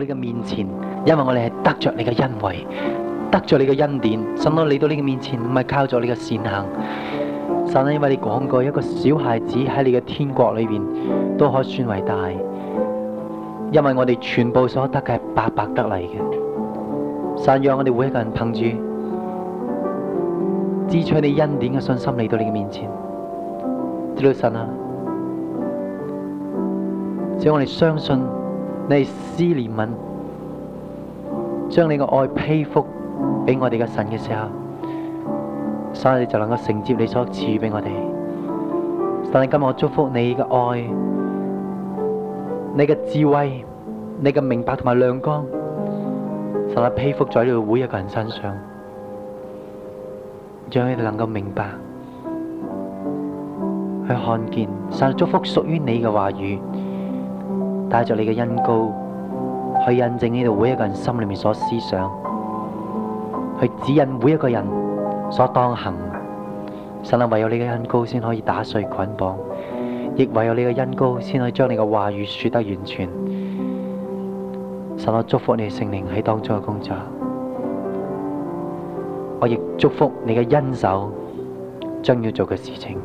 你嘅面前，因為我哋係得着你嘅恩惠，得着你嘅恩典，神，我嚟到你嘅面前，唔係靠咗你嘅善行。神因為你講過，一個小孩子喺你嘅天國裏邊，都可算為大。因為我哋全部所得嘅係白白得嚟嘅。神讓我哋每一個人憑住，支取你恩典嘅信心嚟到你嘅面前，謝神啊！只要我哋相信。你施憐憫，將你個愛披覆俾我哋個神嘅時候，所以你就能夠承接你所賜予俾我哋。但係今日我祝福你嘅愛、你嘅智慧、你嘅明白同埋亮光，神啊，披覆咗呢個每一個人身上，讓你哋能夠明白去看見。神祝福屬於你嘅話語。帶着你嘅恩膏，去印證呢度每一個人心裏面所思想，去指引每一個人所當行。神啊，唯有你嘅恩膏先可以打碎捆綁，亦唯有你嘅恩膏先可以將你嘅話語說得完全。神啊，我祝福你嘅聖靈喺當中嘅工作，我亦祝福你嘅恩手將要做嘅事情。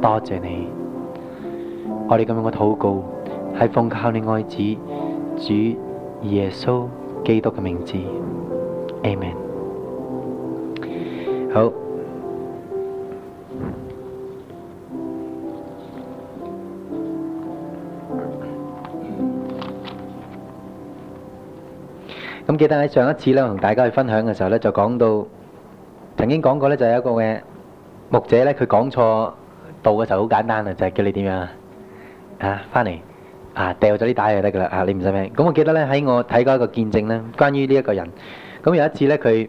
多謝你，我哋咁樣嘅禱告。係奉靠你愛子主耶穌基督嘅名字，Amen。好，咁記得喺上一次咧，我同大家去分享嘅時候咧，就講到曾經講過咧，就有一個嘅牧者咧，佢講錯道嘅時候好簡單啦，就係叫你點樣啊，啊，翻嚟。啊，掉咗啲帶就得噶啦！啊，你唔使咩咁？我記得咧，喺我睇過一個見證咧，關於呢一個人咁。有一次咧，佢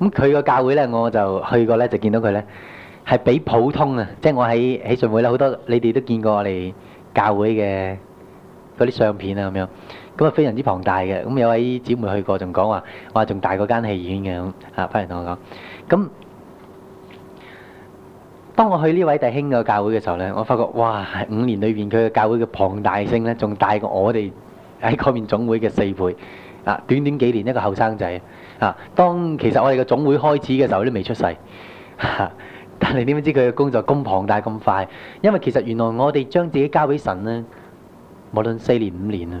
咁佢個教會咧，我就去過咧，就見到佢咧，係比普通啊，即係我喺喜信會咧，好多你哋都見過我哋教會嘅嗰啲相片啊咁樣。咁啊，非常之龐大嘅咁，有位姊妹去過，仲講話話仲大過間戲院嘅咁啊，不如同我講咁。當我去呢位弟兄嘅教會嘅時候呢，我發覺哇，五年裏邊佢嘅教會嘅龐大性呢，仲大過我哋喺嗰邊總會嘅四倍啊！短短幾年一個後生仔啊，當其實我哋嘅總會開始嘅時候都未出世，啊，但係點知佢嘅工作咁龐大咁快？因為其實原來我哋將自己交俾神呢，無論四年五年啊。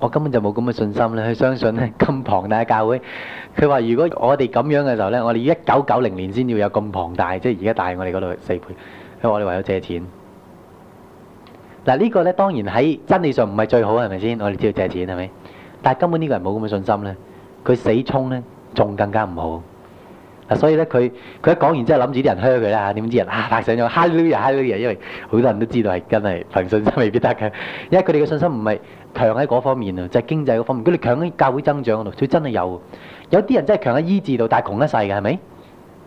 我根本就冇咁嘅信心咧，去相信咧咁龐大嘅教會。佢話：如果我哋咁樣嘅時候咧，我哋要一九九零年先要有咁龐大，即係而家大我哋嗰度四倍。因為我哋唯有借錢。嗱呢個咧當然喺真理上唔係最好，係咪先？我哋知道借錢係咪？但係根本呢個人冇咁嘅信心咧，佢死衝咧仲更加唔好。嗱，所以咧佢佢一講完之後，諗住啲人靴佢啦嚇，點知人啊打醒咗，hallelujah hallelujah，因為好多人都知道係真係憑信心未必得㗎，因為佢哋嘅信心唔係。強喺嗰方面啊，就係經濟嗰方面。如果你強喺教會增長嗰度，佢真係有的。有啲人真係強喺醫治度，但係窮一世嘅係咪？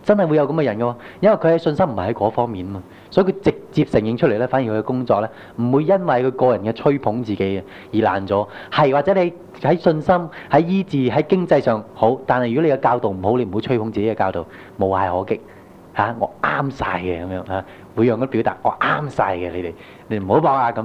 真係會有咁嘅人嘅喎，因為佢喺信心唔係喺嗰方面啊，所以佢直接承認出嚟咧，反而佢嘅工作咧，唔會因為佢個人嘅吹捧自己而爛咗。係或者你喺信心、喺醫治、喺經濟上好，但係如果你嘅教導唔好，你唔好吹捧自己嘅教導，無懈可擊嚇、啊，我啱晒嘅咁樣嚇，每樣都表達，我啱晒嘅你哋，你唔好爆啊咁。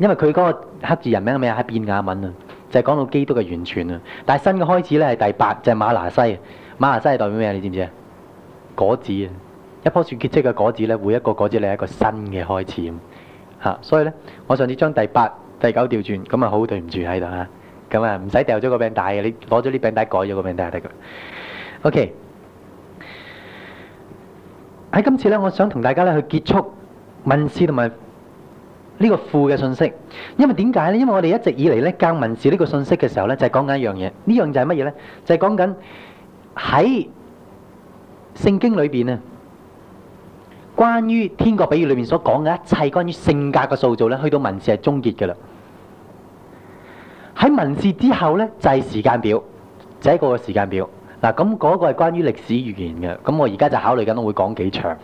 因為佢嗰個黑字人名嘅名係便雅憫啊，就係、是、講到基督嘅完全啊。但係新嘅開始咧係第八，就係、是、馬拿西。馬拿西係代表咩啊？你知唔知啊？果子啊，一棵樹結出嘅果子咧，每一個果子你係一個新嘅開始嚇、啊。所以咧，我上次將第八、第九調轉，咁啊好對唔住喺度嚇。咁啊唔使掉咗個餅帶嘅，你攞咗啲餅帶改咗個餅帶就得㗎。OK。喺今次咧，我想同大家咧去結束問事同埋。呢個副嘅信息，因為點解咧？因為我哋一直以嚟咧教文字呢個信息嘅時候咧，就係講緊一樣嘢。呢樣就係乜嘢咧？就係講緊喺聖經裏邊啊，關於天國比喻裏邊所講嘅一切關於性格嘅塑造咧，去到文字係終結嘅啦。喺文字之後咧，就係時間表，就係一個嘅時間表。嗱，咁嗰個係關於歷史語言嘅。咁我而家就考慮緊，我會講幾長。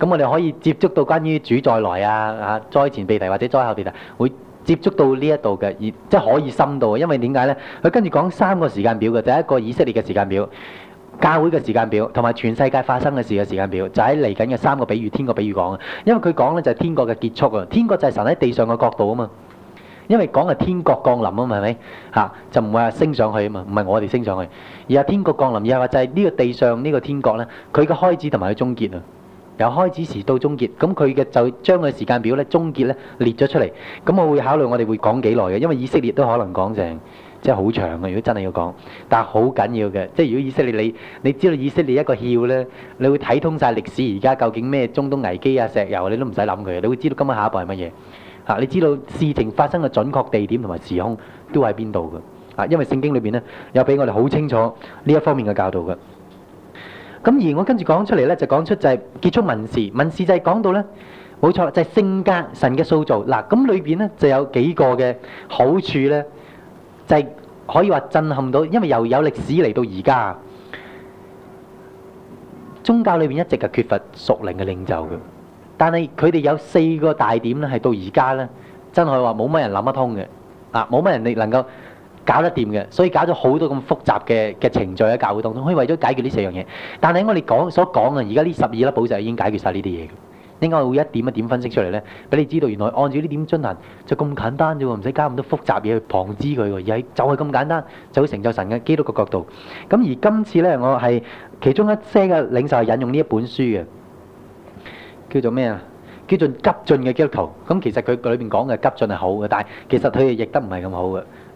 咁我哋可以接觸到關於主再來啊，啊災前被提或者災後被提，會接觸到呢一度嘅，而即係可以深度。因為點解咧？佢跟住講三個時間表嘅，第一個以色列嘅時間表、教會嘅時間表，同埋全世界發生嘅事嘅時間表，就喺嚟緊嘅三個比喻，天國比喻講。因為佢講咧就係天國嘅結束啊，天國就係神喺地上嘅國度啊嘛。因為講係天國降臨啊嘛，係咪嚇就唔會話升上去啊嘛，唔係我哋升上去，而係天國降臨，而係話就係呢個地上呢個天國咧，佢嘅開始同埋佢終結啊。由開始時到終結，咁佢嘅就將個時間表咧，終結咧列咗出嚟。咁我會考慮我哋會講幾耐嘅，因為以色列都可能講成即係好長嘅。如果真係要講，但係好緊要嘅。即係如果以色列你你知道以色列一個竅咧，你會睇通晒歷史。而家究竟咩中東危機啊、石油，你都唔使諗佢，你會知道今日下一步係乜嘢嚇。你知道事情發生嘅準確地點同埋時空都喺邊度嘅嚇，因為聖經裏邊咧有俾我哋好清楚呢一方面嘅教導嘅。咁而我跟住講出嚟咧，就講出就係結束文士。文士就係講到咧，冇錯，就係性格神嘅塑造。嗱，咁裏邊咧就有幾個嘅好處咧，就係可以話震撼到，因為又有歷史嚟到而家。宗教裏邊一直係缺乏屬靈嘅領袖嘅，但係佢哋有四個大點咧，係到而家咧，真係話冇乜人諗得通嘅。啊，冇乜人能夠。搞得掂嘅，所以搞咗好多咁複雜嘅嘅程序喺教會當中，可以為咗解決呢四樣嘢。但係我哋講所講嘅而家呢十二粒寶石已經解決曬呢啲嘢，應該會一點一點分析出嚟咧，俾你知道原來按照呢點進行就咁簡單啫喎，唔使加咁多複雜嘢去旁支佢喎，而係就係咁簡單，就會成就神嘅基督嘅角度。咁而今次咧，我係其中一些嘅領袖係引用呢一本書嘅，叫做咩啊？叫做急進嘅基督徒。咁其實佢裏邊講嘅急進係好嘅，但係其實佢亦都唔係咁好嘅。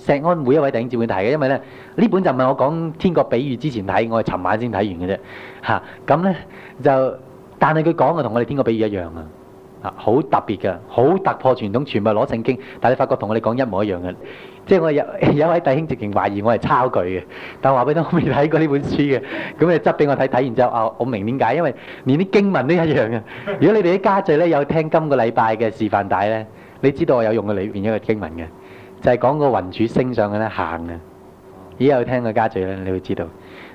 石安每一位弟兄姊妹睇嘅，因為咧呢本就唔係我講天國比喻之前睇，我係尋晚先睇完嘅啫。嚇咁咧就，但係佢講嘅同我哋天國比喻一樣啊，嚇好特別嘅，好突破傳統，全部攞聖經，但係你發覺同我哋講一模一樣嘅。即係我有有一位弟兄直情懷疑我係抄佢嘅，但係話俾你聽，我未睇過呢本書嘅，咁、嗯、你執俾我睇睇完之後啊，我明點解，因為連啲經文都一樣嘅。如果你哋喺家聚咧有聽今個禮拜嘅示範帶咧，你知道我有用嘅裏邊一個經文嘅。就係講個雲柱升上嘅咧行嘅，以有聽過家嘴咧，你會知道。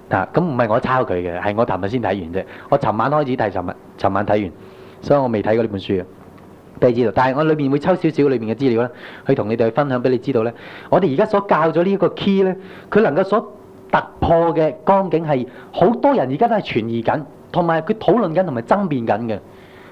嗱，咁唔係我抄佢嘅，係我尋日先睇完啫。我尋晚開始睇，尋日尋晚睇完，所以我未睇過呢本書嘅，你知道。但係我裏邊會抽少少裏邊嘅資料咧，去同你哋分享俾你知道咧。我哋而家所教咗呢一個 key 咧，佢能夠所突破嘅光景係好多人而家都係傳疑緊，同埋佢討論緊同埋爭辯緊嘅。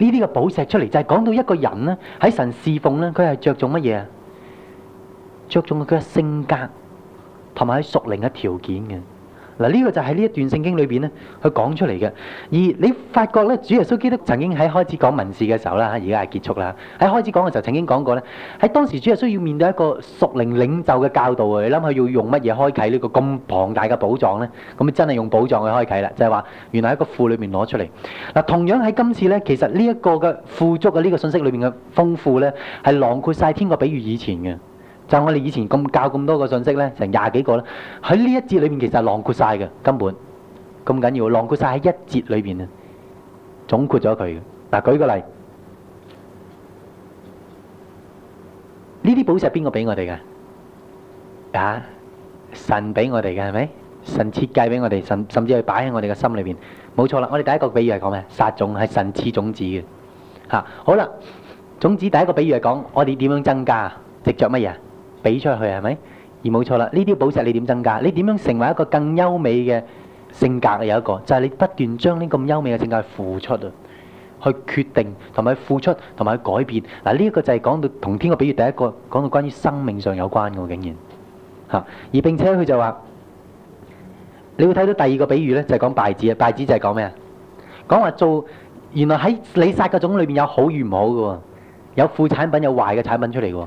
呢啲嘅寶石出嚟就係講到一個人呢喺神侍奉呢，佢係着重乜嘢？着重佢嘅性格同埋佢屬靈嘅條件嘅。嗱，呢個就喺呢一段聖經裏邊咧，佢講出嚟嘅。而你發覺咧，主耶穌基督曾經喺開始講文字嘅時候啦，而家係結束啦。喺開始講嘅時候曾經講過咧，喺當時主耶穌要面對一個屬靈領袖嘅教導啊！你諗佢要用乜嘢開啓、這個、呢個咁龐大嘅寶藏咧？咁啊真係用寶藏去開啓啦，就係、是、話原來喺個庫裏面攞出嚟。嗱，同樣喺今次咧，其實、這個、呢一個嘅富足嘅呢個信息裏面嘅豐富咧，係囊括晒天國比喻以前嘅。就我哋以前咁教咁多嘅信息咧，成廿幾個咧，喺呢一節裏邊，其實係囊括晒嘅。根本咁緊要，囊括晒喺一節裏邊啊，總括咗佢。嗱，舉個例，呢啲寶石邊個俾我哋嘅？啊，神俾我哋嘅係咪？神設計俾我哋，神甚至去擺喺我哋嘅心裏邊，冇錯啦。我哋第一個比喻係講咩？撒種係神似種子嘅，吓好啦。種子第一個比喻係講我哋點樣增加，藉着乜嘢？俾出去係咪？而冇錯啦，呢啲寶石你點增加？你點樣成為一個更優美嘅性格啊？有一個就係、是、你不斷將呢咁優美嘅性格付出啊，去決定同埋付出同埋改變嗱。呢、啊、一、這個就係講到同天國嘅比喻，第一個講到關於生命上有關嘅喎，竟然嚇、啊。而並且佢就話，你會睇到第二個比喻咧，就係、是、講稗子啊！稗子就係講咩啊？講話做原來喺你撒嗰種裏邊有好與唔好嘅喎，有副產品有壞嘅產品出嚟嘅喎。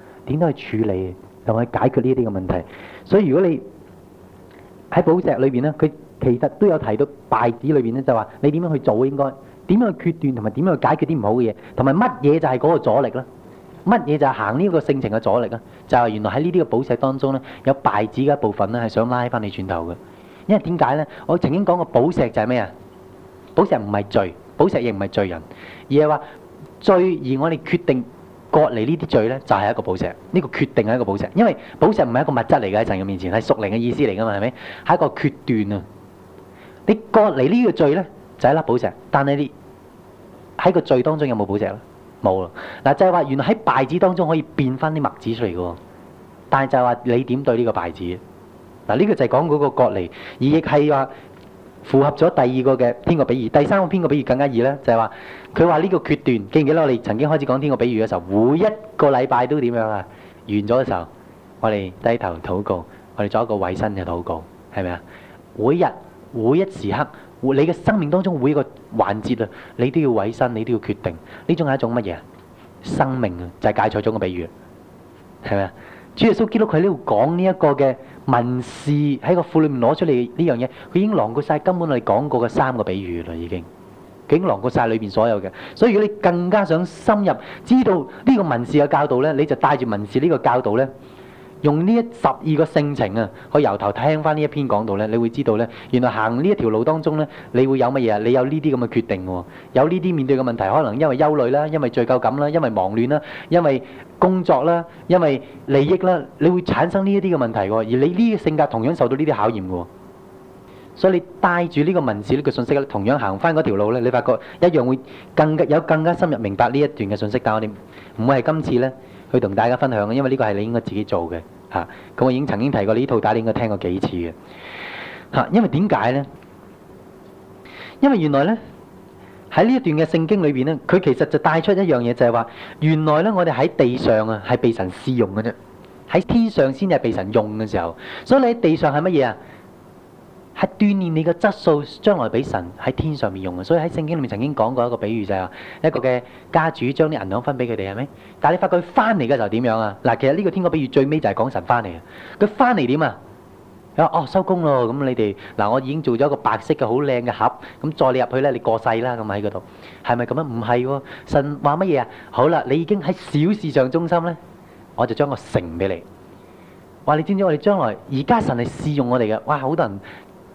點樣去處理同去解決呢啲嘅問題？所以如果你喺寶石裏邊咧，佢其實都有提到敗子裏邊咧，就話你點樣去做應該點樣去決斷同埋點樣去解決啲唔好嘅嘢，同埋乜嘢就係嗰個阻力咧？乜嘢就係行呢個性情嘅阻力咧？就係、是、原來喺呢啲嘅寶石當中咧，有敗子嘅一部分咧，係想拉翻你轉頭嘅。因為點解咧？我曾經講過寶石就係咩啊？寶石唔係罪，寶石亦唔係罪人，而係話罪而我哋決定。割離呢啲罪咧，就係一個寶石。呢個決定係一個寶石，因為寶石唔係一個物質嚟嘅。喺神嘅面前，係屬靈嘅意思嚟㗎嘛，係咪？係一個決斷啊！你割離呢個罪咧，就係一粒寶石，但你喺個罪當中有冇寶石咧？冇啊！嗱，就係話原來喺敗子當中可以變翻啲物子出嚟㗎，但係就係話你點對呢個敗子？嗱，呢個就係講嗰個割離，而亦係話。符合咗第二個嘅天國比喻，第三個天國比喻更加易咧，就係話佢話呢個決斷，記唔記得我哋曾經開始講天國比喻嘅時候，每一個禮拜都點樣啊？完咗嘅時候，我哋低頭禱告，我哋做一個委身嘅禱告，係咪啊？每日每一時刻，你嘅生命當中每一個環節啊，你都要委身，你都要決定，呢種係一種乜嘢？生命啊，就係芥菜種嘅比喻，係咪啊？主耶穌基督佢呢度講呢一個嘅。文士喺個庫裏面攞出嚟呢樣嘢，佢已經囊過晒，根本我哋講過嘅三個比喻啦，已經，佢已經囊過晒裏面所有嘅。所以如果你更加想深入知道呢個文士嘅教導呢，你就帶住文士呢個教導呢，用呢一十二個性情啊，去由頭聽翻呢一篇講到呢，你會知道呢，原來行呢一條路當中呢，你會有乜嘢？你有呢啲咁嘅決定喎、哦，有呢啲面對嘅問題，可能因為憂慮啦，因為罪疚感啦，因為忙亂啦，因為工作啦，因為利益啦，你會產生呢一啲嘅問題喎、哦。而你呢個性格同樣受到呢啲考驗嘅喎。所以你帶住呢個文字呢、呢個信息同樣行翻嗰條路呢，你發覺一樣會更加有更加深入明白呢一段嘅信息。但我哋唔會係今次呢，去同大家分享嘅，因為呢個係你應該自己做嘅嚇。咁、啊、我已經曾經提過呢套打，你應該聽過幾次嘅嚇、啊。因為點解咧？因為原來咧，喺呢一段嘅聖經裏邊咧，佢其實就帶出一樣嘢，就係話原來咧，我哋喺地上啊係被神試用嘅啫，喺天上先至係被神用嘅時候。所以你喺地上係乜嘢啊？係鍛煉你嘅質素，將來俾神喺天上面用嘅。所以喺聖經裏面曾經講過一個比喻，就係一個嘅家主將啲銀兩分俾佢哋，係咪？但係你發覺佢翻嚟嘅時候點樣啊？嗱，其實呢個天國比喻最尾就係講神翻嚟，佢翻嚟點啊？話哦收工咯，咁你哋，嗱，我已經做咗一個白色嘅好靚嘅盒，咁再你入去咧，你過世啦，咁喺嗰度，係咪咁樣？唔係，神話乜嘢啊？好啦，你已經喺小事上忠心咧，我就將個城俾你。話你知唔知我哋將來而家神係試用我哋嘅？哇，好多人。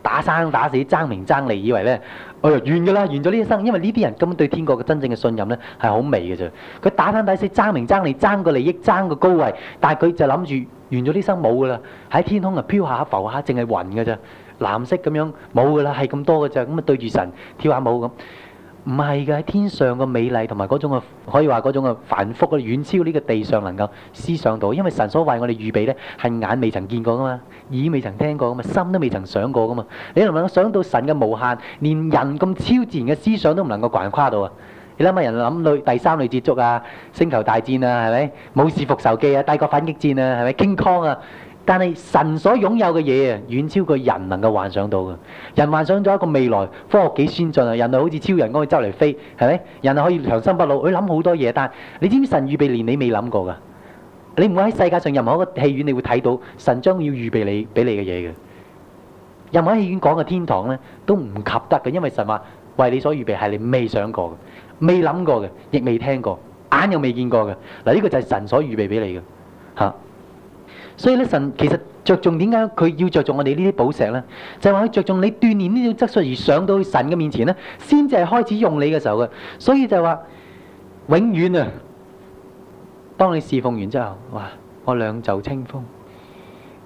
打生打死爭名爭利，以為咧，哎呀，完噶啦，完咗呢一生，因為呢啲人根本對天國嘅真正嘅信任咧，係好微嘅啫。佢打生打死爭名爭利爭個利益爭個高位，但係佢就諗住完咗呢生冇噶啦，喺天空啊飄下浮下，淨係雲嘅啫，藍色咁樣冇噶啦，係咁多嘅咋。咁啊對住神跳下舞咁。唔係嘅，喺天上個美麗同埋嗰種嘅，可以話嗰種嘅繁複，咧遠超呢個地上能夠思想到。因為神所為我哋預備呢係眼未曾見過㗎嘛，耳未曾聽過㗎嘛，心都未曾想過㗎嘛。你能唔能夠想到神嘅無限，連人咁超自然嘅思想都唔能夠橫跨到啊？你諗下人諗到第三類接觸啊，星球大戰啊，係咪？《武士復仇記》啊，《帝國反擊戰》啊，係咪《King Kong》啊？但係神所擁有嘅嘢啊，遠超過人能夠幻想到嘅。人幻想咗一個未來，科學幾先進啊，人類好似超人咁可以周嚟飛，係咪？人類可以長生不老，佢諗好多嘢。但係你知唔知神預備連你未諗過㗎？你唔會喺世界上任何一個戲院，你會睇到神將要預備你俾你嘅嘢嘅。任何戲院講嘅天堂咧，都唔及得嘅，因為神話為你所預備係你未想過、未諗過嘅，亦未聽過、眼又未見過嘅。嗱呢個就係神所預備俾你嘅，嚇。所以咧，神其實著重點解佢要著重我哋呢啲寶石咧？就係話佢著重你鍛鍊呢種質素而上到神嘅面前咧，先至係開始用你嘅時候嘅。所以就話永遠啊，當你侍奉完之後，哇，我兩袖清風，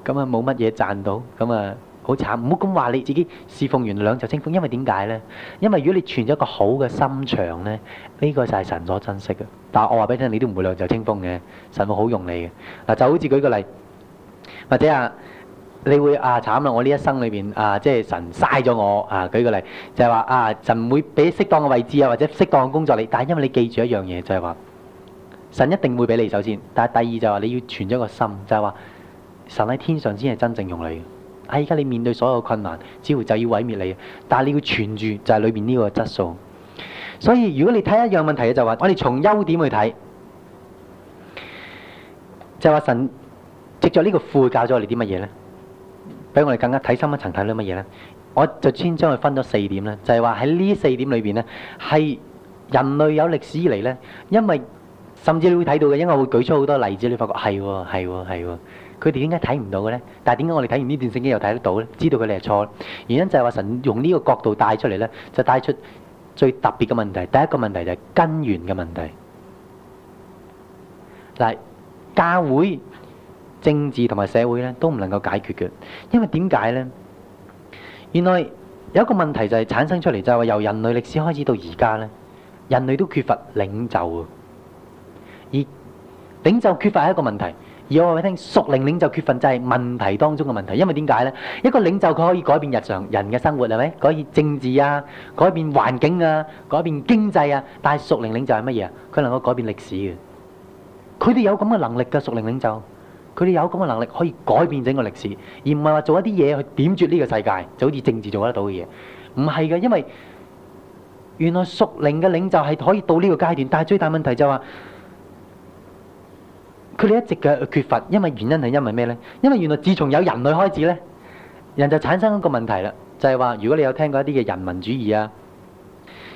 咁啊冇乜嘢賺到，咁啊好慘。唔好咁話你自己侍奉完兩袖清風，因為點解咧？因為如果你存咗個好嘅心腸咧，呢個就係神所珍惜嘅。但係我話俾你聽，你都唔會兩袖清風嘅，神會好用你嘅。嗱，就好似舉個例。或者啊，你會啊慘啦！我呢一生裏邊啊，即係神嘥咗我啊。舉個例，就係話啊，神唔會俾適當嘅位置啊，或者適當嘅工作你。但係因為你記住一樣嘢，就係話神一定會俾你首先。但係第二就係話你要存咗個心，就係話神喺天上先係真正用你。喺而家你面對所有困難，只會就要毀滅你。但係你要存住，就係裏邊呢個質素。所以如果你睇一樣問題嘅就係話，我哋從優點去睇，就係話神。藉著呢個副教咗我哋啲乜嘢咧，畀我哋更加睇深一層睇到乜嘢咧？我就先將佢分咗四點咧，就係話喺呢四點裏邊咧，係人類有歷史以嚟咧，因為甚至你會睇到嘅，因為我會舉出好多例子，你發覺係喎係喎係喎，佢哋點解睇唔到嘅咧？但係點解我哋睇完呢段聖經又睇得到咧？知道佢哋係錯，原因就係話神用呢個角度帶出嚟咧，就帶出最特別嘅問題。第一個問題就係根源嘅問題。嗱，教會。政治同埋社會咧都唔能夠解決嘅，因為點解咧？原來有一個問題就係產生出嚟，就係由人類歷史開始到而家咧，人類都缺乏領袖啊！而領袖缺乏係一個問題，而我話你聽，屬靈領袖缺乏就係問題當中嘅問題，因為點解咧？一個領袖佢可以改變日常人嘅生活係咪？改變政治啊，改變環境啊，改變經濟啊，但係屬靈領袖係乜嘢啊？佢能夠改變歷史嘅，佢哋有咁嘅能力㗎，屬靈領袖。佢哋有咁嘅能力可以改變整個歷史，而唔係話做一啲嘢去點綴呢個世界，就好似政治做得到嘅嘢。唔係嘅，因為原來屬靈嘅領袖係可以到呢個階段，但係最大問題就係話佢哋一直嘅缺乏，因為原因係因為咩呢？因為原來自從有人類開始呢，人就產生一個問題啦，就係話如果你有聽過一啲嘅人民主義啊。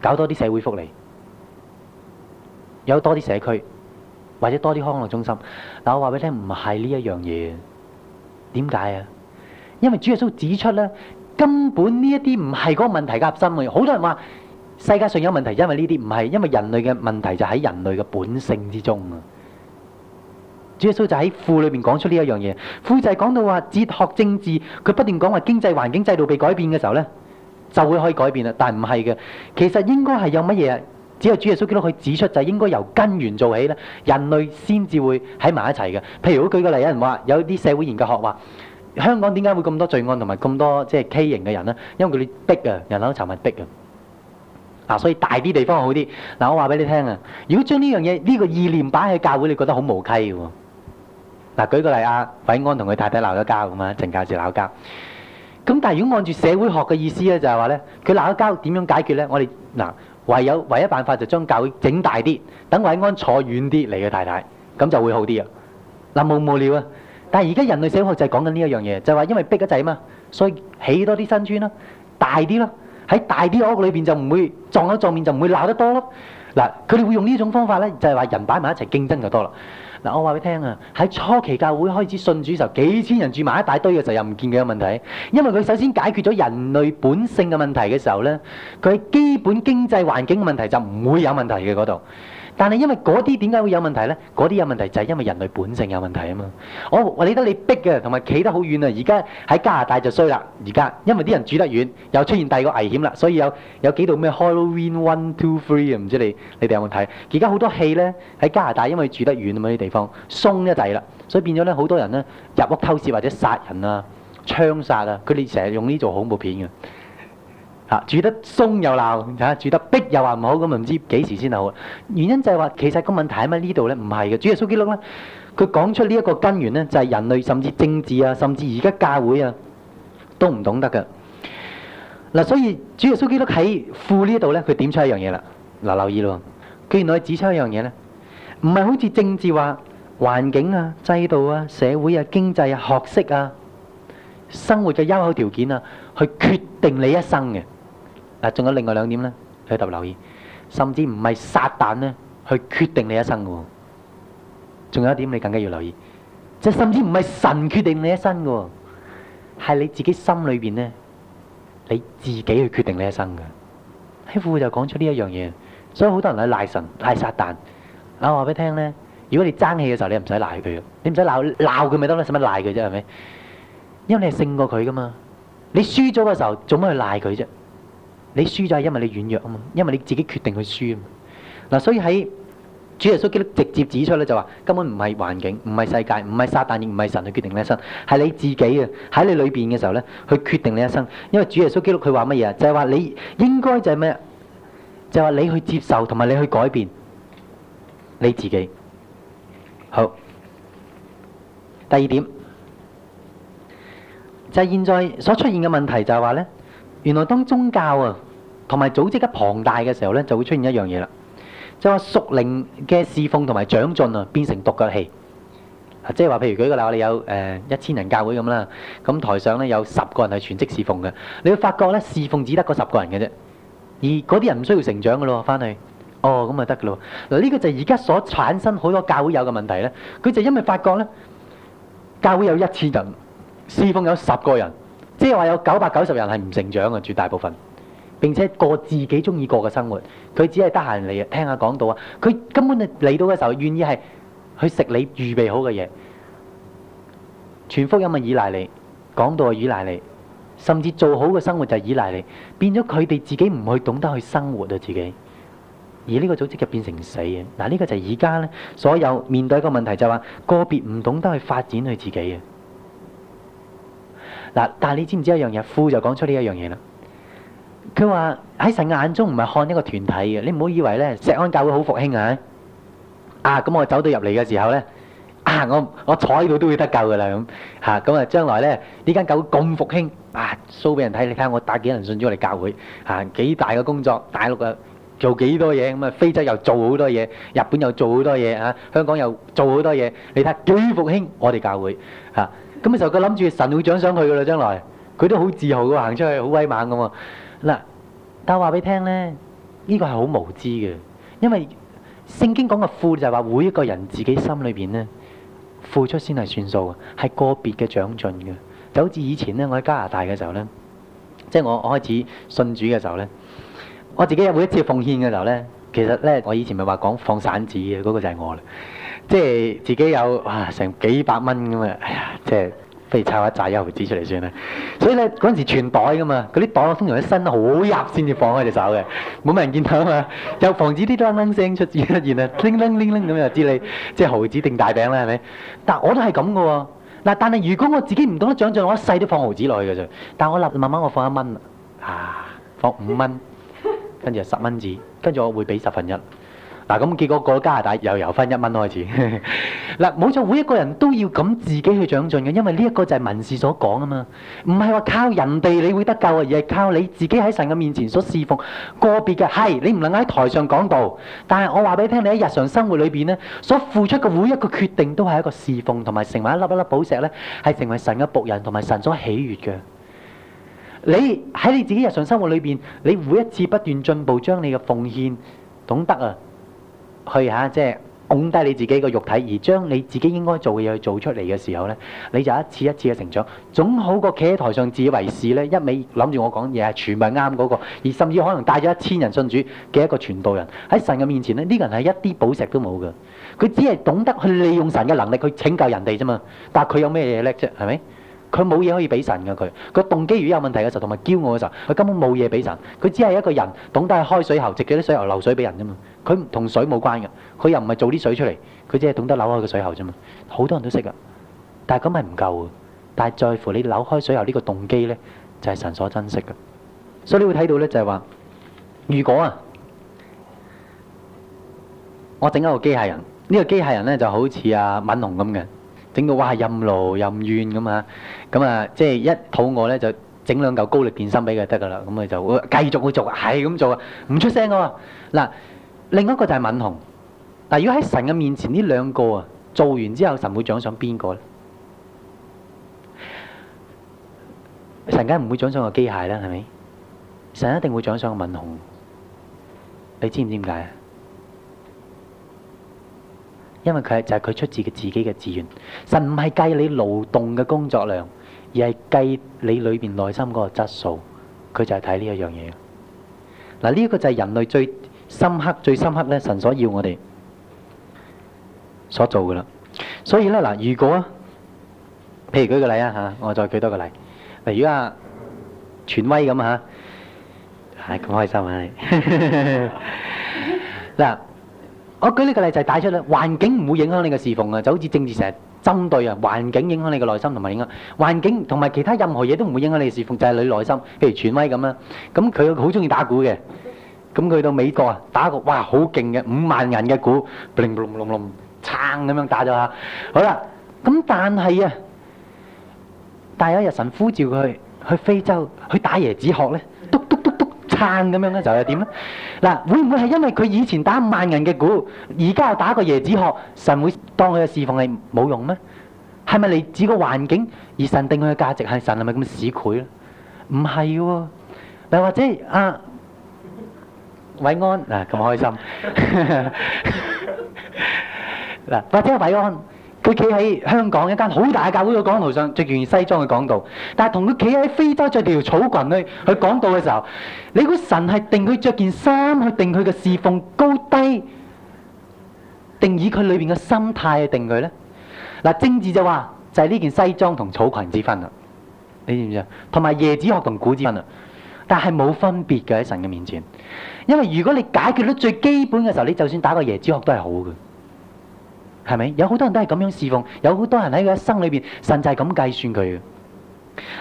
搞多啲社會福利，有多啲社區，或者多啲康樂中心。嗱，我話俾你聽，唔係呢一樣嘢。點解啊？因為主耶穌指出咧，根本呢一啲唔係嗰個問題核心嘅。好多人話世界上有問題，因為呢啲唔係，因為人類嘅問題就喺人類嘅本性之中啊。主耶穌就喺富裏邊講出呢一樣嘢，富就係講到話哲學政治。佢不斷講話經濟環境制度被改變嘅時候咧。就會可以改變啦，但唔係嘅，其實應該係有乜嘢？只有主耶穌基督可以指出，就係、是、應該由根源做起咧，人類先至會喺埋一齊嘅。譬如如果舉個例，有人話有啲社會研究學話，香港點解會咁多罪案同埋咁多即係畸形嘅人呢？因為佢哋逼啊，人口稠密逼啊，嗱，所以大啲地方好啲。嗱、啊，我話俾你聽啊，如果將呢樣嘢呢個意念擺喺教會，你覺得好無稽喎。嗱、啊，舉個例太太啊，偉安同佢太太鬧咗交咁啊，靜教士鬧交。咁但係如果按照社會學嘅意思咧，就係話咧，佢鬧一交點樣解決咧？我哋嗱，唯有唯一辦法就將教會整大啲，等偉安坐遠啲嚟嘅太太，咁就會好啲啊！嗱，無無聊啊！但係而家人類社會學就係講緊呢一樣嘢，就係話因為逼得滯嘛，所以起多啲新村咯，大啲咯，喺大啲屋裏邊就唔會撞口撞面就唔會鬧得多咯。嗱，佢哋會用呢種方法咧，就係話人擺埋一齊競爭就多啦。嗱，我話畀你聽啊，喺初期教會開始信主嘅時候，幾千人住埋一大堆嘅時候，又唔見佢有問題，因為佢首先解決咗人類本性嘅問題嘅時候咧，佢喺基本經濟環境嘅問題就唔會有問題嘅嗰度。但係因為嗰啲點解會有問題呢？嗰啲有問題就係因為人類本性有問題啊嘛！我理得你逼嘅，同埋企得好遠啊！而家喺加拿大就衰啦，而家因為啲人住得遠，又出現第二個危險啦，所以有有幾度咩 Halloween One Two Three 唔知你你哋有冇睇？而家好多戲呢，喺加拿大，因為住得遠啊嘛，啲地方鬆一滯啦，所以變咗呢，好多人呢，入屋偷竊或者殺人啊、槍殺啊，佢哋成日用呢做恐怖片嘅。啊，住得鬆又鬧，嚇住得逼又話唔好，咁啊唔知幾時先好。原因就係話其實個問題喺咪呢度咧？唔係嘅，主耶穌基督咧，佢講出呢一個根源咧，就係、是、人類甚至政治啊，甚至而家教會啊，都唔懂得嘅。嗱，所以主耶穌基督喺富呢度咧，佢點出一樣嘢啦。嗱，留意咯，佢原來指出一樣嘢咧，唔係好似政治話環境啊、制度啊、社會啊、經濟啊、學識啊、生活嘅優厚條件啊，去決定你一生嘅。嗱，仲有另外兩點咧，你特別留意，甚至唔係撒旦咧去決定你一生嘅。仲有一點，你更加要留意，即係甚至唔係神決定你一生嘅，係你自己心裏邊咧，你自己去決定你一生嘅。喺《富》就講出呢一樣嘢，所以好多人都去賴神、賴撒旦。我話俾你聽咧，如果你爭氣嘅時候，你唔使賴佢，你唔使鬧鬧佢咪得咯，使乜賴佢啫？係咪？因為你係勝過佢噶嘛，你輸咗嘅時候，做乜去賴佢啫？你輸就係因為你軟弱啊嘛，因為你自己決定去輸啊嘛。嗱，所以喺主耶穌基督直接指出咧，就話根本唔係環境，唔係世界，唔係撒但，亦唔係神去決定你一生，係你自己啊！喺你裏邊嘅時候咧，去決定你一生。因為主耶穌基督佢話乜嘢啊？就係話你應該就係咩？就係話你去接受同埋你去改變你自己。好。第二點就係現在所出現嘅問題就係話咧。原來當宗教啊同埋組織得龐大嘅時候咧，就會出現一樣嘢啦，就話屬靈嘅侍奉同埋長進啊變成獨腳器啊，即係話譬如舉個例，我哋有誒一千人教會咁啦，咁台上咧有十個人係全職侍奉嘅，你會發覺咧侍奉只得嗰十個人嘅啫，而嗰啲人唔需要成長嘅咯，翻去哦咁啊得嘅咯，嗱呢個就係而家所產生好多教會有嘅問題咧，佢就因為發覺咧教會有一千人，侍奉有十個人。即係話有九百九十人係唔成長嘅，絕大部分，並且過自己中意過嘅生活。佢只係得閒嚟聽下講道啊。佢根本嚟到嘅時候，願意係去食你預備好嘅嘢。全福音啊，依賴你講道啊，依賴你，甚至做好嘅生活就係依賴你。變咗佢哋自己唔去懂得去生活啊，自己而呢個組織就變成死嘅。嗱、啊，呢、這個就係而家咧所有面對嘅問題就係話個別唔懂得去發展佢自己嘅。嗱，但係你知唔知一樣嘢？富就講出呢一樣嘢啦。佢話喺神嘅眼中唔係看一個團體嘅，你唔好以為咧石安教會好復興啊！啊，咁我走到入嚟嘅時候咧，啊，我我坐喺呢度都會得救噶啦咁嚇，咁啊將來咧呢間教會咁復興，啊 show 俾人睇，你睇下我帶幾多人信主嚟教會嚇，幾大嘅工作，大陸啊做幾多嘢，咁啊非洲又做好多嘢，日本又做好多嘢嚇，香港又做好多嘢，你睇下幾復興我哋教會嚇。咁嘅時候，佢諗住神會獎賞佢噶啦，將來佢都好自豪嘅，行出去好威猛咁喎。嗱，但係話俾你聽咧，呢、這個係好無知嘅，因為聖經講嘅富就係話每一個人自己心裏邊咧付出先係算數，係個別嘅長進嘅。就好似以前咧，我喺加拿大嘅時候咧，即係我我開始信主嘅時候咧，我自己每一次奉獻嘅時候咧，其實咧我以前咪話講放散子嘅嗰、那個就係我啦。即係自己有哇成幾百蚊咁啊！哎呀，即係不如湊一扎毫紙出嚟算啦。所以咧嗰陣時全袋噶嘛，嗰啲袋通常一伸好入先至放開隻手嘅，冇乜人見到啊嘛。又防止啲啷啷聲出之現啊，啷啷啷啷咁就知你即係毫紙定大餅啦，係咪？但我都係咁噶喎。嗱，但係如果我自己唔懂得長進，我一世都放毫紙落去嘅啫。但我立慢慢我放一蚊啊，放五蚊，跟住十蚊紙，跟住我會俾十分一。嗱，咁結果過咗加拿大又由翻一蚊開始。嗱，冇錯，每一個人都要咁自己去長進嘅，因為呢一個就係文士所講啊嘛。唔係話靠人哋你會得救啊，而係靠你自己喺神嘅面前所侍奉。個別嘅係，你唔能夠喺台上講道，但係我話俾你聽，你喺日常生活裏邊咧所付出嘅每一個決定都係一個侍奉，同埋成為一粒一粒寶石咧，係成為神嘅僕人同埋神所喜悅嘅。你喺你自己日常生活裏邊，你每一次不斷進步，將你嘅奉獻懂得啊。去吓、啊，即係拱低你自己個肉體，而將你自己應該做嘅嘢去做出嚟嘅時候呢，你就一次一次嘅成長，總好過企喺台上自以為是呢，一味諗住我講嘢係全部啱嗰個，而甚至可能帶咗一千人信主嘅一個傳道人喺神嘅面前呢，呢、呢個人係一啲寶石都冇㗎，佢只係懂得去利用神嘅能力去拯救人哋啫嘛。但係佢有咩嘢叻啫？係咪？佢冇嘢可以俾神㗎。佢個動機如果有問題嘅時候，同埋驕傲嘅時候，佢根本冇嘢俾神。佢只係一個人懂得去開水喉，直住啲水喉流水俾人啫嘛。佢唔同水冇關嘅，佢又唔係做啲水出嚟，佢只係懂得扭開個水喉啫嘛。好多人都識噶，但係咁係唔夠嘅。但係在乎你扭開水喉呢個動機咧，就係神所珍惜嘅。所以你會睇到咧，就係話，如果啊，我整一個機械人，呢個機械人咧就好似啊敏龍咁嘅，整到哇任勞任怨咁嚇，咁啊即係一肚餓咧就整兩嚿高力電芯俾佢得噶啦，咁咪就繼續去做，係咁做啊，唔出聲嘅喎嗱。另一個就係敏雄。但如果喺神嘅面前呢兩個啊，做完之後神會獎賞邊個咧？神梗唔會獎賞個機械啦，係咪？神一定會獎賞個敏雄。你知唔知點解啊？因為佢係就係佢出自嘅自己嘅志願。神唔係計你勞動嘅工作量，而係計你裏邊內心嗰個質素。佢就係睇呢一樣嘢。嗱，呢一個就係人類最深刻最深刻咧，神所要我哋所做嘅啦。所以咧嗱，如果啊，譬如舉個例啊嚇，我再舉多個例，例如啊，全威咁嚇，係咁開心啊你。嗱，我舉呢個例就係帶出啦，環境唔會影響你嘅侍奉啊，就好似政治成日針對啊，環境影響你嘅內心同埋影響環境，同埋其他任何嘢都唔會影響你嘅侍奉，就係你內心。譬如全威咁啦，咁佢好中意打鼓嘅。咁佢到美國啊，打個哇好勁嘅五萬銀嘅鼓，噹噹噹噹撐咁樣打咗下。好啦，咁但係啊，但係有一日神呼召佢去非洲去打椰子殼咧，篤篤篤篤撐咁樣咧就係點咧？嗱，會唔會係因為佢以前打五萬銀嘅鼓，而家又打個椰子殼，神會當佢嘅侍奉係冇用咩？係咪嚟自個環境而神定佢嘅價值係神係咪咁嘅屎佢咧？唔係喎，又或者啊？偉安嗱咁開心嗱，或者偉安佢企喺香港一間好大嘅教會嘅講台上，著完西裝去講道；但係同佢企喺非洲著條草裙去去講道嘅時候，你估神係定佢著件衫去定佢嘅侍奉高低，定以佢裏邊嘅心態去定佢咧？嗱，精緻就話就係呢件西裝同草裙之分啦，你知唔知啊？同埋椰子殼同骨瓷之分，但係冇分別嘅喺神嘅面前。因為如果你解決到最基本嘅時候，你就算打個椰子殼都係好嘅，係咪？有好多人都係咁樣侍奉，有好多人喺佢一生裏邊，神就係咁計算佢嘅。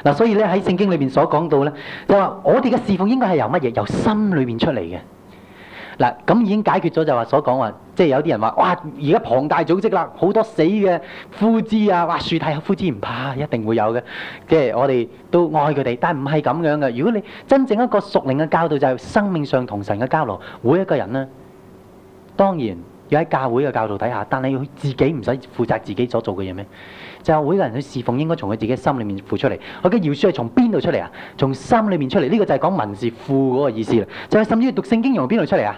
嗱，啊，所以呢，喺聖經裏面所講到咧，就話我哋嘅侍奉應該係由乜嘢？由心裏面出嚟嘅。嗱，咁已經解決咗就話所講話，即係有啲人話，哇，而家龐大組織啦，好多死嘅枯枝啊！哇，樹太大，枯枝唔怕，一定會有嘅。即係我哋都愛佢哋，但唔係咁樣嘅。如果你真正一個屬靈嘅教導，就係生命上同神嘅交流。每一個人呢，當然要喺教會嘅教導底下，但係要自己唔使負責自己所做嘅嘢咩？就係、每一個人去侍奉，應該從佢自己心裏面付出嚟。我嘅得《要書》係從邊度出嚟啊？從心裏面出嚟。呢、呢個就係講文字富嗰個意思啦。就係、甚至讀聖經，從邊度出嚟啊？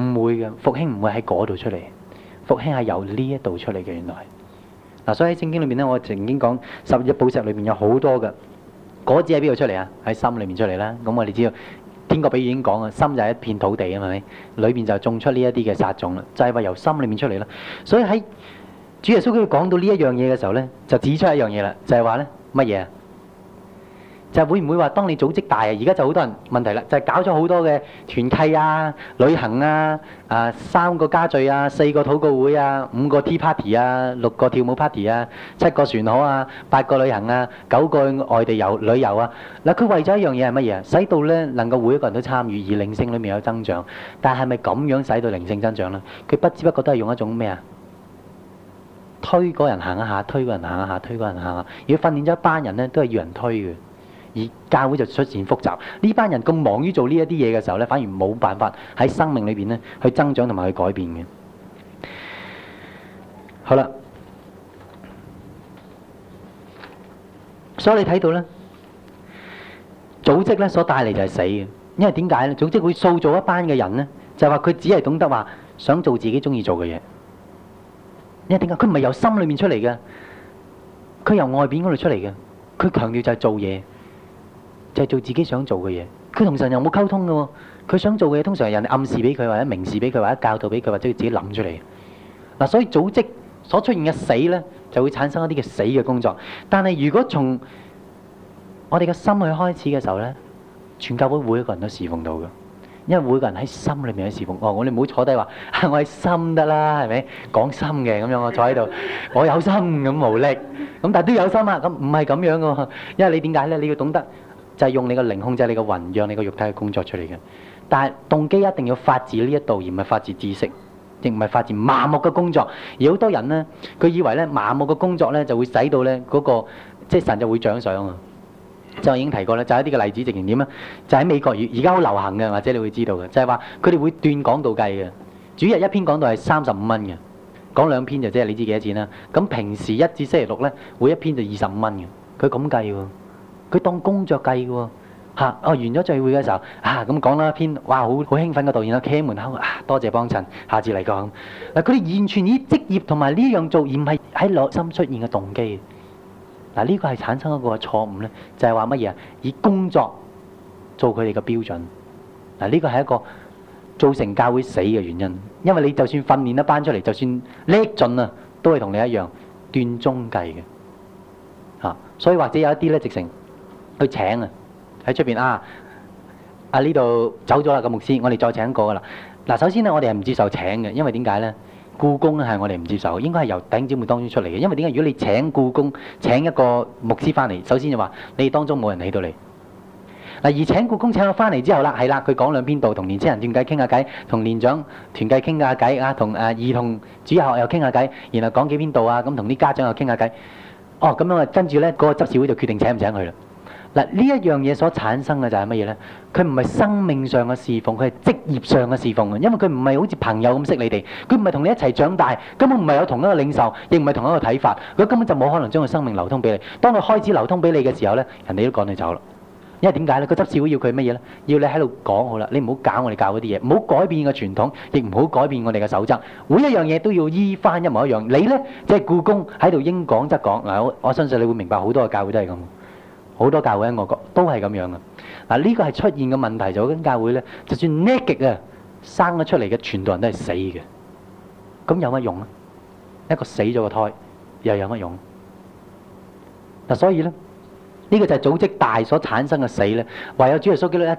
唔會嘅復興唔會喺嗰度出嚟，復興係由呢一度出嚟嘅。原來嗱，啊，所以喺聖經裏面咧，我曾經講十二寶石裏面有好多嘅果子喺邊度出嚟啊？喺心裏面出嚟啦，啊。咁我哋知道天國比喻已經講啊，心就係一片土地啊，嘛，裏面就種出呢一啲嘅殺種啦，就係、是、話由心裏面出嚟啦，啊。所以喺主耶穌佢講到呢一樣嘢嘅時候咧，就指出一樣嘢啦，就係話咧乜嘢啊？就會唔會話當你組織大啊？而家就好多人問題啦，就係搞咗好多嘅團契啊、旅行啊、啊三個家聚啊、四個禱告會啊、五個 tea party 啊、六個跳舞 party 啊、七個船河啊、八個旅行啊、九個外地遊旅遊啊。嗱，佢為咗一樣嘢係乜嘢啊？使到咧能夠每一個人都參與，而靈性裏面有增長。但係咪咁樣使到靈性增長咧？佢不知不覺都係用一種咩啊？推嗰人行一下，推嗰人行一下，推嗰人行一下，如果訓練咗一班人咧都係要人推嘅。而教會就出現複雜，呢班人咁忙於做呢一啲嘢嘅時候咧，反而冇辦法喺生命裏邊咧去增長同埋去改變嘅。好啦，所以你睇到咧，組織咧所帶嚟就係死嘅，因為點解咧？組織會塑造一班嘅人咧，就係話佢只係懂得話想做自己中意做嘅嘢。因為點解？佢唔係由心裏面出嚟嘅，佢由外邊嗰度出嚟嘅，佢強調就係做嘢。就係做自己想做嘅嘢。佢同神又冇溝通嘅喎，佢想做嘅嘢通常係人暗示俾佢，或者明示俾佢，或者教導俾佢，或者自己諗出嚟嗱。所以組織所出現嘅死咧，就會產生一啲嘅死嘅工作。但係如果從我哋嘅心去開始嘅時候咧，全教會每一個人都侍奉到嘅，因為每個人喺心裏面去侍奉。哦，我哋唔好坐低話，我係心得啦，係咪講心嘅咁樣？我坐喺度，我有心咁無力咁，但係都要有心啊！咁唔係咁樣嘅，因為你點解咧？你要懂得。就係用你個靈控制你個魂，讓你個肉體去工作出嚟嘅。但係動機一定要發自呢一度，而唔係發自知識，亦唔係發自麻木嘅工作。而好多人呢，佢以為呢麻木嘅工作呢，就會使到呢嗰、那個即係、就是、神就會掌上啊。就已經提過啦，就是、一啲嘅例子，直情點啊？就喺、是、美國而家好流行嘅，或者你會知道嘅，就係話佢哋會斷講道計嘅。主日一篇講道係三十五蚊嘅，講兩篇就即係你知幾多錢啦。咁平時一至星期六呢，每一篇就二十五蚊嘅，佢咁計喎。佢當工作計嘅嚇哦，完、啊、咗、哦、聚會嘅時候啊，咁講啦一篇哇，好好興奮嘅導演啦，企喺門口啊，多謝幫襯，下次嚟過嗱。佢、啊、哋完全以職業同埋呢樣做，而唔係喺內心出現嘅動機嗱。呢、啊這個係產生一個錯誤咧，就係話乜嘢啊？以工作做佢哋嘅標準嗱。呢、啊這個係一個造成教會死嘅原因，因為你就算訓練一班出嚟，就算叻盡啊，都係同你一樣斷中計嘅嚇、啊。所以或者有一啲咧，直成。去請啊！喺出邊啊？啊呢度走咗啦！個牧師，我哋再請一個啦。嗱，首先咧，我哋係唔接受請嘅，因為點解咧？僱工咧係我哋唔接受，應該係由頂尖會當中出嚟嘅。因為點解？如果你請僱工請一個牧師翻嚟，首先就話你當中冇人起到嚟嗱。而請僱工請我翻嚟之後啦，係啦，佢講兩邊度，同年青人團計傾下偈，同年長團計傾下偈啊，同誒兒童主學又傾下偈，然後講幾邊度啊？咁同啲家長又傾下偈。哦，咁樣啊，跟住咧，嗰個執事會就決定請唔請佢啦。嗱，呢一樣嘢所產生嘅就係乜嘢呢？佢唔係生命上嘅侍奉，佢係職業上嘅侍奉嘅。因為佢唔係好似朋友咁識你哋，佢唔係同你一齊長大，根本唔係有同一個領袖，亦唔係同一個睇法。佢根本就冇可能將佢生命流通俾你。當佢開始流通俾你嘅時候呢，人哋都趕你走啦。因為點解呢？個執事會要佢乜嘢呢？要你喺度講好啦，你唔好搞我哋教嗰啲嘢，唔好改變個傳統，亦唔好改變我哋嘅守則。每一樣嘢都要依翻一模一樣。你呢，即係僱工喺度應講則講嗱，我相信你會明白好多個教會都係咁。好多教會喺外國都係咁樣嘅，嗱，呢個係出現嘅問題就喺教會咧，就算 negative 啊生咗出嚟嘅，全部人都係死嘅，咁有乜用啊？一個死咗個胎又有乜用啊？嗱，所以咧，呢個就係組織大所產生嘅死咧。唯有主耶穌基督一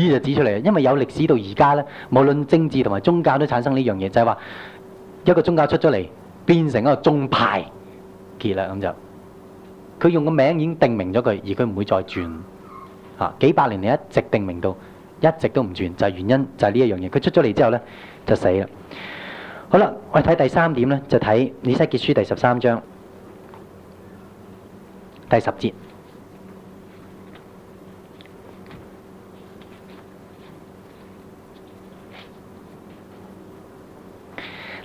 指就指出嚟，因為有歷史到而家咧，無論政治同埋宗教都產生呢樣嘢，就係話一個宗教出咗嚟變成一個宗派結啦咁就。佢用個名已經定名咗佢，而佢唔會再轉。嚇幾百年嚟一直定名到，一直都唔轉，就係原因就係呢一樣嘢。佢出咗嚟之後咧，就死啦。好啦，我哋睇第三點咧，就睇以西結書第十三章第十節。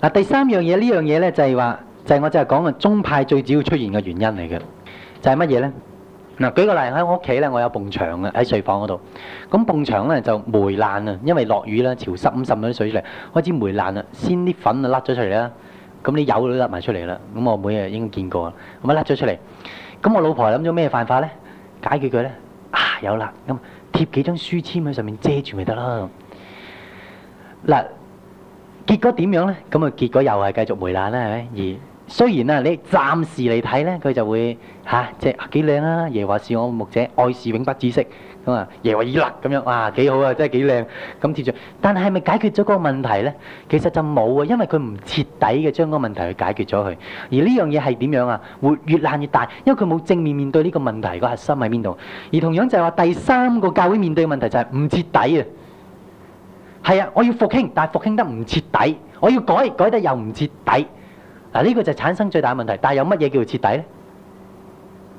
嗱，第三樣嘢呢樣嘢咧，就係話就係我就係講嘅，宗派最主要出現嘅原因嚟嘅。就係乜嘢咧？嗱，舉個例喺我屋企咧，我有埲牆嘅喺睡房嗰度。咁埲牆咧就黴爛啊，因為落雨啦，潮濕咁滲咗啲水嚟，開始黴爛啦。先啲粉啊甩咗出嚟啦，咁啲油都甩埋出嚟啦。咁我每日啊應該見過，咁啊甩咗出嚟。咁我老婆諗咗咩辦法咧？解決佢咧？啊，有啦，咁貼幾張書籤喺上面遮住咪得咯。嗱，結果點樣咧？咁啊，結果又係繼續黴爛啦，係咪？而雖然啊，你暫時嚟睇咧，佢就會嚇即係幾靚啦！耶和華是我牧者，愛是永不止息。咁啊，耶和華以勒咁樣，哇幾好啊！真係幾靚咁接住。但係咪解決咗嗰個問題咧？其實就冇啊，因為佢唔徹底嘅將嗰個問題去解決咗佢。而呢樣嘢係點樣啊？會越爛越大，因為佢冇正面面對呢個問題個核心喺邊度。而同樣就係話第三個教會面對嘅問題就係唔徹底啊。係啊，我要復興，但係復興得唔徹底。我要改，改得又唔徹底。嗱，呢個就產生最大問題。但係有乜嘢叫做徹底咧？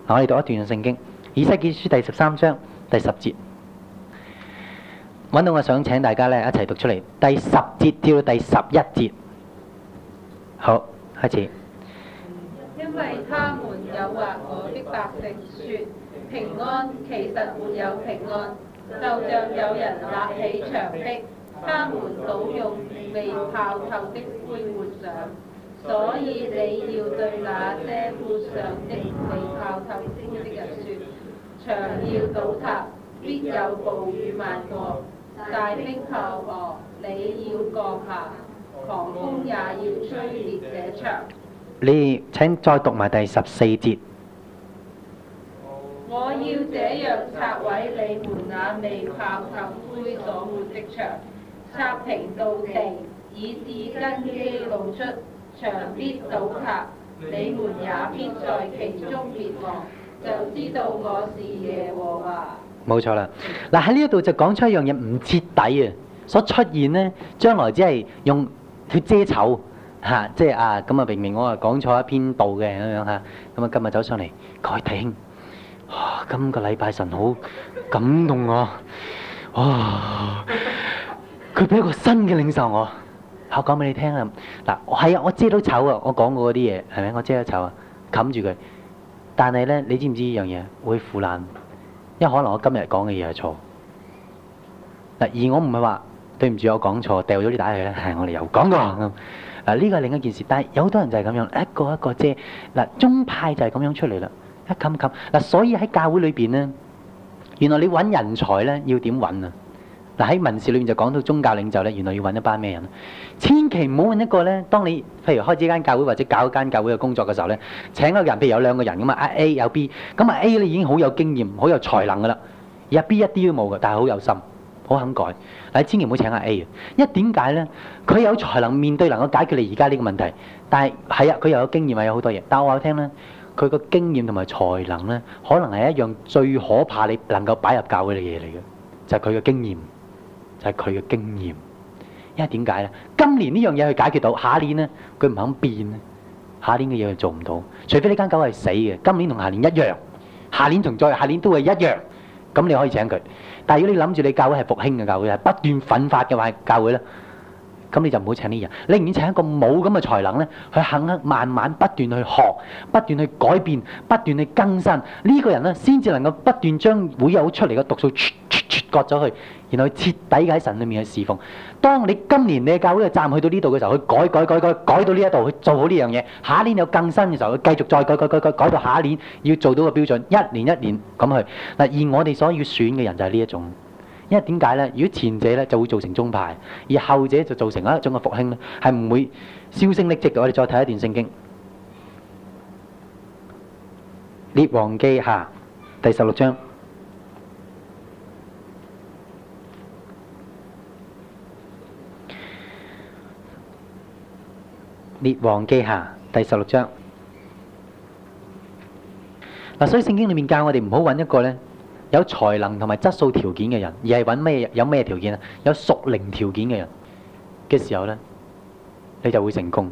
嗱，我哋讀一段聖經，以西結書第十三章第十節，揾到，我想請大家咧一齊讀出嚟，第十節跳到第十一節。好，開始。因為他們誘惑我的百姓，説平安，其實沒有平安，就像有人立起牆壁，他們倒用未泡透的灰抹上。所以你要對那些富上的未炮透灰的人說：牆要倒塌，必有暴雨漫過、大冰雹啊。你要降下，狂風，也要吹裂這牆。你請再讀埋第十四節。我要這樣拆毀你們那未炮透灰所沒的牆，拆平到地，以致根基露出。牆必倒塌，你們也必在其中滅亡，就知道我是耶和華。冇錯啦，嗱喺呢一度就講出一樣嘢唔徹底啊！所出現呢，將來只係用去遮醜嚇，即係啊咁啊，明明我係講錯一篇道嘅咁樣嚇，咁啊今日走上嚟改聽，哇！今個禮拜神好感動我，哇！佢俾一個新嘅領受我。我講俾你聽啊！嗱，我係啊，我遮到醜啊！我講過嗰啲嘢，係咪？我遮到醜啊！冚住佢，但係咧，你知唔知依樣嘢會腐爛？因為可能我今日講嘅嘢係錯。嗱，而我唔係話對唔住，我講錯，掉咗啲打氣咧。係我哋又講過。嗱、啊，呢個係另一件事。但係有好多人就係咁樣一個一個遮。嗱，宗派就係咁樣出嚟啦，一冚冚。嗱，所以喺教會裏邊咧，原來你揾人才咧要點揾啊？嗱，喺文字裏面就講到宗教領袖咧，原來要揾一班咩人？千祈唔好揾一個咧。當你譬如開始一間教會或者搞一間教會嘅工作嘅時候咧，請嗰人譬如有兩個人咁啊，A 有 B，咁啊 A 咧已經好有經驗、好有才能噶啦。而啊 B 一啲都冇嘅，但係好有心、好肯改。但係千祈唔好請啊 A，一點解咧？佢有才能面對能夠解決你而家呢個問題，但係係啊，佢又有經驗啊，有好多嘢。但我話你聽咧，佢個經驗同埋才能咧，可能係一樣最可怕你能夠擺入教會嘅嘢嚟嘅，就係佢嘅經驗。係佢嘅經驗，因為點解咧？今年呢樣嘢去解決到，下年咧佢唔肯變咧，下年嘅嘢佢做唔到。除非呢間教會係死嘅，今年同下年一樣，下年同再下年都係一樣。咁你可以請佢，但係如果你諗住你教會係復興嘅教會，係不斷奮發嘅話，教會咧，咁你就唔好請呢啲人。你寧願請一個冇咁嘅才能咧，佢肯慢慢不斷去學，不斷去改變，不斷去更新呢個人咧，先至能夠不斷將會友出嚟嘅毒素切切切割咗去。然後徹底喺神裏面去侍奉。當你今年你嘅教會站去到呢度嘅時候，去改改改改改到呢一度，去做好呢樣嘢。下一年有更新嘅時候，去繼續再改改改改改，改，改到下一年要做到個標準，一年一年咁去。嗱，而我哋所要選嘅人就係呢一種。因為點解呢？如果前者呢就會造成宗派，而後者就造成一種嘅復興咧，係唔會銷聲匿跡嘅。我哋再睇一段聖經，《列王記下》第十六章。列王記下第十六章。嗱，所以聖經裏面教我哋唔好揾一個呢，有才能同埋質素條件嘅人，而係揾咩有咩條件啊？有屬靈條件嘅人嘅時候呢，你就會成功，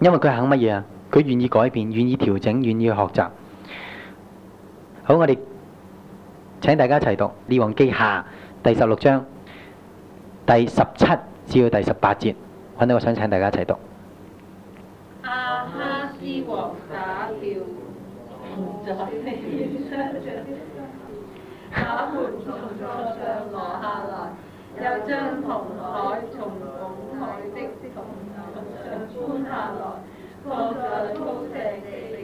因為佢肯乜嘢啊？佢願意改變，願意調整，願意去學習。好，我哋請大家一齊讀《列王記下》第十六章第十七至到第十八節，揾到我想請大家一齊讀。王打掉紅掌的衣裳，把門從桌上落下來，又將紅海從紅海的銅上搬下來，放在高地上。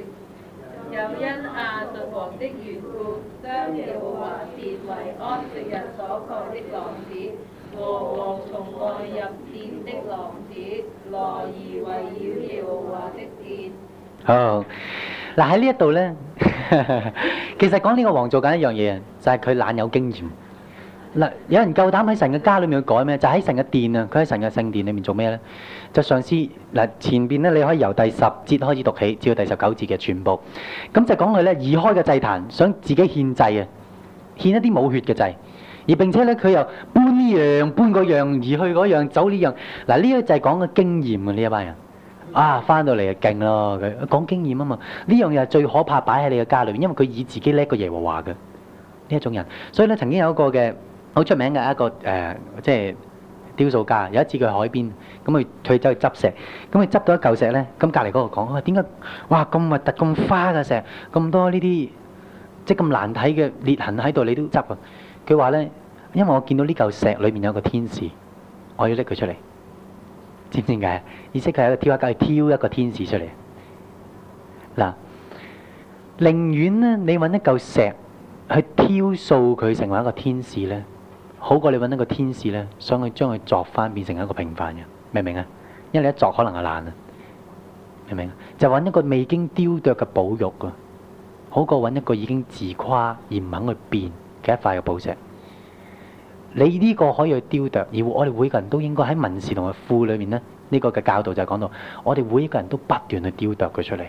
又因亞述王的緣故，將耀華殿為安息人所蓋的廊子，和王從外入殿的廊子來而圍繞耀華的殿。好嗱，喺呢一度咧， 其實講呢個王做緊一樣嘢，就係、是、佢懶有經驗。嗱，有人夠膽喺神嘅家裏面去改咩？就喺、是、神嘅殿啊，佢喺神嘅聖殿裏面做咩咧？就上司，嗱，前邊咧，你可以由第十節開始讀起，至到第十九節嘅全部。咁就講佢咧移開嘅祭壇，想自己獻祭啊，獻一啲冇血嘅祭，而並且咧佢又搬呢樣搬嗰樣，移去嗰樣走呢樣。嗱，呢個就係講嘅經驗啊，呢一班人。啊！翻到嚟就勁咯，佢講經驗啊嘛。呢樣嘢係最可怕，擺喺你嘅家裏面，因為佢以自己叻過耶和華嘅呢一種人。所以咧，曾經有一個嘅好出名嘅一個誒，即係雕塑家。有一次佢喺海邊，咁佢佢走去執石，咁佢執到一嚿石咧，咁隔離嗰個講：喂，點解？哇！咁核突、咁花嘅石，咁多呢啲即係咁難睇嘅裂痕喺度，你都執呀？佢話咧，因為我見到呢嚿石裏面有個天使，我要拎佢出嚟。點解？而且佢喺度挑一揀，去挑一個天使出嚟。嗱，寧願咧，你揾一嚿石去雕塑佢，成為一個天使咧，好過你揾一個天使咧，想去將佢鑿翻，變成一個平凡人，明唔明啊？因為你一鑿可能就爛啦，明唔明？就揾一個未經雕琢嘅寶玉啊，好過揾一個已經自誇而唔肯去變嘅一塊嘅寶石。你呢個可以去雕琢，而我哋每個人都應該喺文士同埋富裏面咧，呢、這個嘅教導就係講到，我哋每一個人都不斷去雕琢佢出嚟，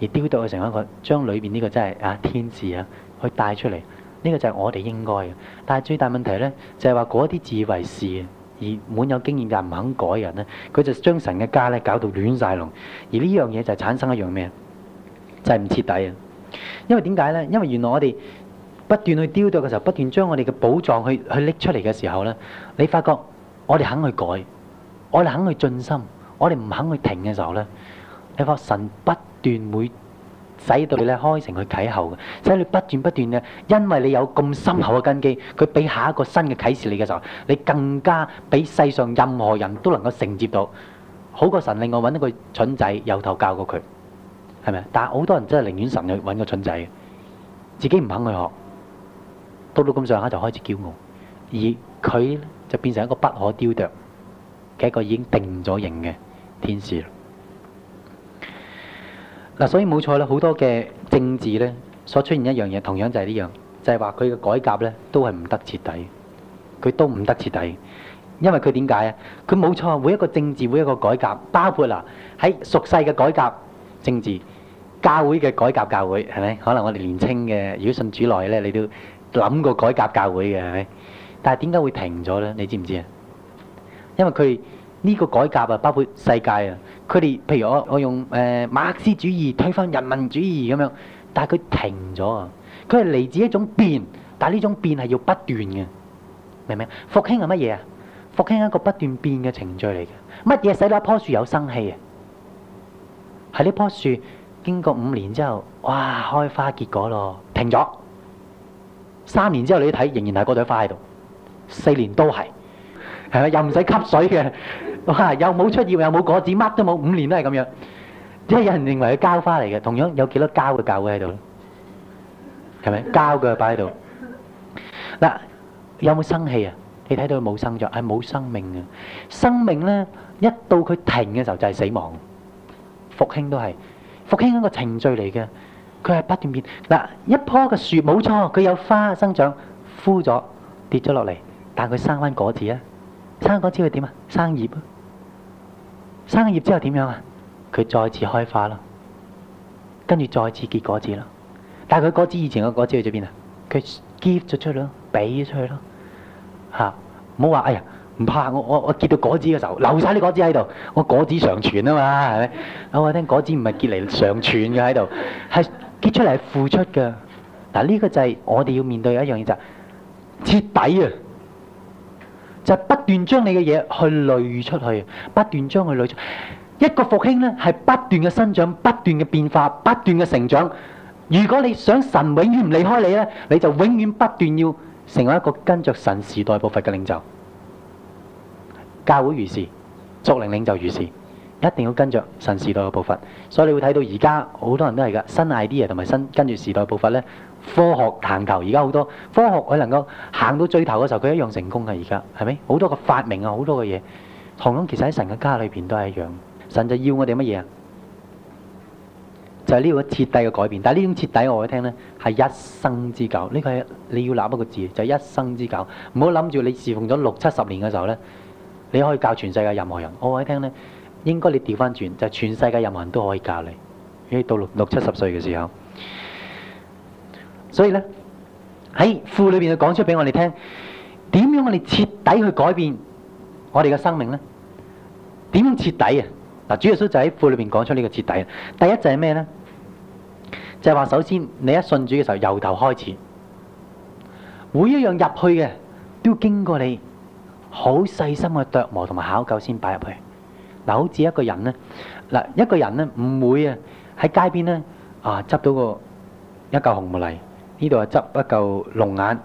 而雕琢佢成一個將裏邊呢個真係啊天字啊去帶出嚟，呢、這個就係我哋應該嘅。但係最大問題咧就係話嗰啲自以為是而滿有經驗嘅人唔肯改人咧，佢就將神嘅家咧搞到亂晒龍，而呢樣嘢就產生一樣咩啊？就係、是、唔徹底啊！因為點解咧？因為原來我哋。不斷去丟掉嘅時候，不斷將我哋嘅寶藏去去拎出嚟嘅時候咧，你發覺我哋肯去改，我哋肯去盡心，我哋唔肯去停嘅時候咧，你發覺神不斷會使到你咧開成去啟後嘅，使你不斷不斷嘅。因為你有咁深厚嘅根基，佢俾下一個新嘅啟示你嘅時候，你更加比世上任何人都能夠承接到，好過神另外揾一個蠢仔由頭教過佢，係咪啊？但係好多人真係寧願神去揾個蠢仔嘅，自己唔肯去學。到到咁上下就開始驕傲，而佢就變成一個不可雕琢嘅一個已經定咗型嘅天使啦。嗱，所以冇錯啦，好多嘅政治咧，所出現一樣嘢，同樣就係呢樣，就係話佢嘅改革咧，都係唔得徹底，佢都唔得徹底，因為佢點解啊？佢冇錯，每一個政治、每一個改革，包括啦喺俗世嘅改革政治、教會嘅改革教會，係咪？可能我哋年青嘅，如果信主耐咧，你都～諗過改革教會嘅，係咪？但係點解會停咗咧？你知唔知啊？因為佢呢個改革啊，包括世界啊，佢哋譬如我，我用誒馬克思主義推翻人民主義咁樣，但係佢停咗啊！佢係嚟自一種變，但係呢種變係要不斷嘅，明唔明？復興係乜嘢啊？復興係一個不斷變嘅程序嚟嘅。乜嘢使到一樖樹有生氣啊？係呢棵樹經過五年之後，哇，開花結果咯，停咗。三年之後你睇，仍然係嗰朵花喺度；四年都係，係咪又唔使吸水嘅？嚇，又冇出葉，又冇果子，乜都冇。五年都係咁樣。即係有人認為係膠花嚟嘅，同樣有幾多膠嘅教會喺度？係咪膠嘅擺喺度？嗱，有冇生氣啊？你睇到佢冇生長，係冇生命嘅。生命咧，一到佢停嘅時候就係死亡。復興都係復興一個程序嚟嘅。佢係不斷變嗱，一棵嘅樹冇錯，佢有花生長枯咗跌咗落嚟，但係佢生翻果子啊！生果子會點啊？生葉，生咗葉之後點樣啊？佢再次開花啦，跟住再次結果子啦。但係佢果子以前嘅果子去咗邊啊？佢結咗出去咯，俾咗出去咯吓，唔好話哎呀，唔怕我我我結到果子嘅時候留晒啲果子喺度，我果子長存啊嘛，係咪？我話聽果子唔係結嚟長存嘅喺度係。結出嚟係付出嘅，嗱，呢個就係我哋要面對嘅一樣嘢就徹底啊，就不斷將你嘅嘢去累出去，不斷將佢累出。一個復興咧係不斷嘅生長，不斷嘅變化，不斷嘅成長。如果你想神永遠唔離開你咧，你就永遠不斷要成為一個跟着神時代步伐嘅領袖。教會如是，作領領袖如是。一定要跟著神時代嘅步伐，所以你會睇到而家好多人都係㗎新 idea 同埋新跟住時代步伐咧。科學彈球而家好多科學，佢能夠行到最頭嘅時候，佢一樣成功嘅。而家係咪好多個發明啊，好多嘅嘢？同樣其實喺神嘅家裏邊都係一樣。神就要我哋乜嘢啊？就係、是、呢個徹底嘅改變。但係呢種徹底，我會聽咧係一生之久。呢、這個係你要諗一個字，就係、是、一生之久。唔好諗住你侍奉咗六七十年嘅時候咧，你可以教全世界任何人。我會聽咧。應該你調翻轉，就全世界任何人都可以教你。到六六七十歲嘅時候，所以咧喺庫裏邊就講出俾我哋聽，點樣我哋徹底去改變我哋嘅生命咧？點樣徹底啊？嗱，主耶穌就喺庫裏邊講出呢個徹底。第一就係咩咧？就係話，首先你一信主嘅時候，由頭開始，每一樣入去嘅都要經過你好細心嘅琢磨同埋考究先擺入去。就好似一個人咧，嗱，一個人咧，唔會啊喺街邊咧啊執到個一嚿紅木嚟，呢度啊執一嚿龍眼，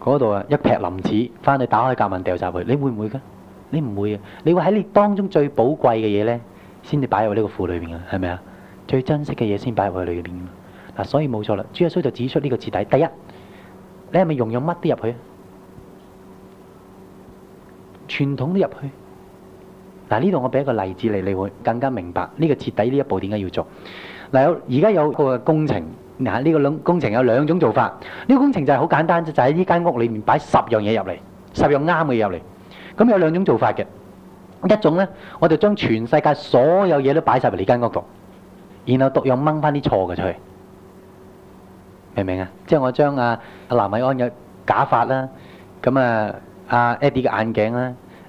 嗰度啊一劈林子，翻去打開夾萬掉晒佢，你會唔會噶？你唔會啊，你會喺你當中最寶貴嘅嘢咧，先至擺入呢個庫裏邊嘅，係咪啊？最珍惜嘅嘢先擺入去裏邊。嗱，所以冇錯啦，主耶穌就指出呢個徹底。第一，你係咪容忍乜都入去？傳統都入去？嗱，呢度我俾一個例子你，你會更加明白呢、這個徹底呢一步點解要做。嗱，有而家有個工程，嗱、這、呢個工程有兩種做法。呢、這個工程就係好簡單，就喺呢間屋裡面擺十樣嘢入嚟，十樣啱嘅入嚟。咁有兩種做法嘅，一種呢，我就將全世界所有嘢都擺晒入呢間屋度，然後獨樣掹翻啲錯嘅出去，明唔明啊？即係我將阿阿藍偉安嘅假髮啦，咁啊阿、啊、Edie Ed 嘅眼鏡啦。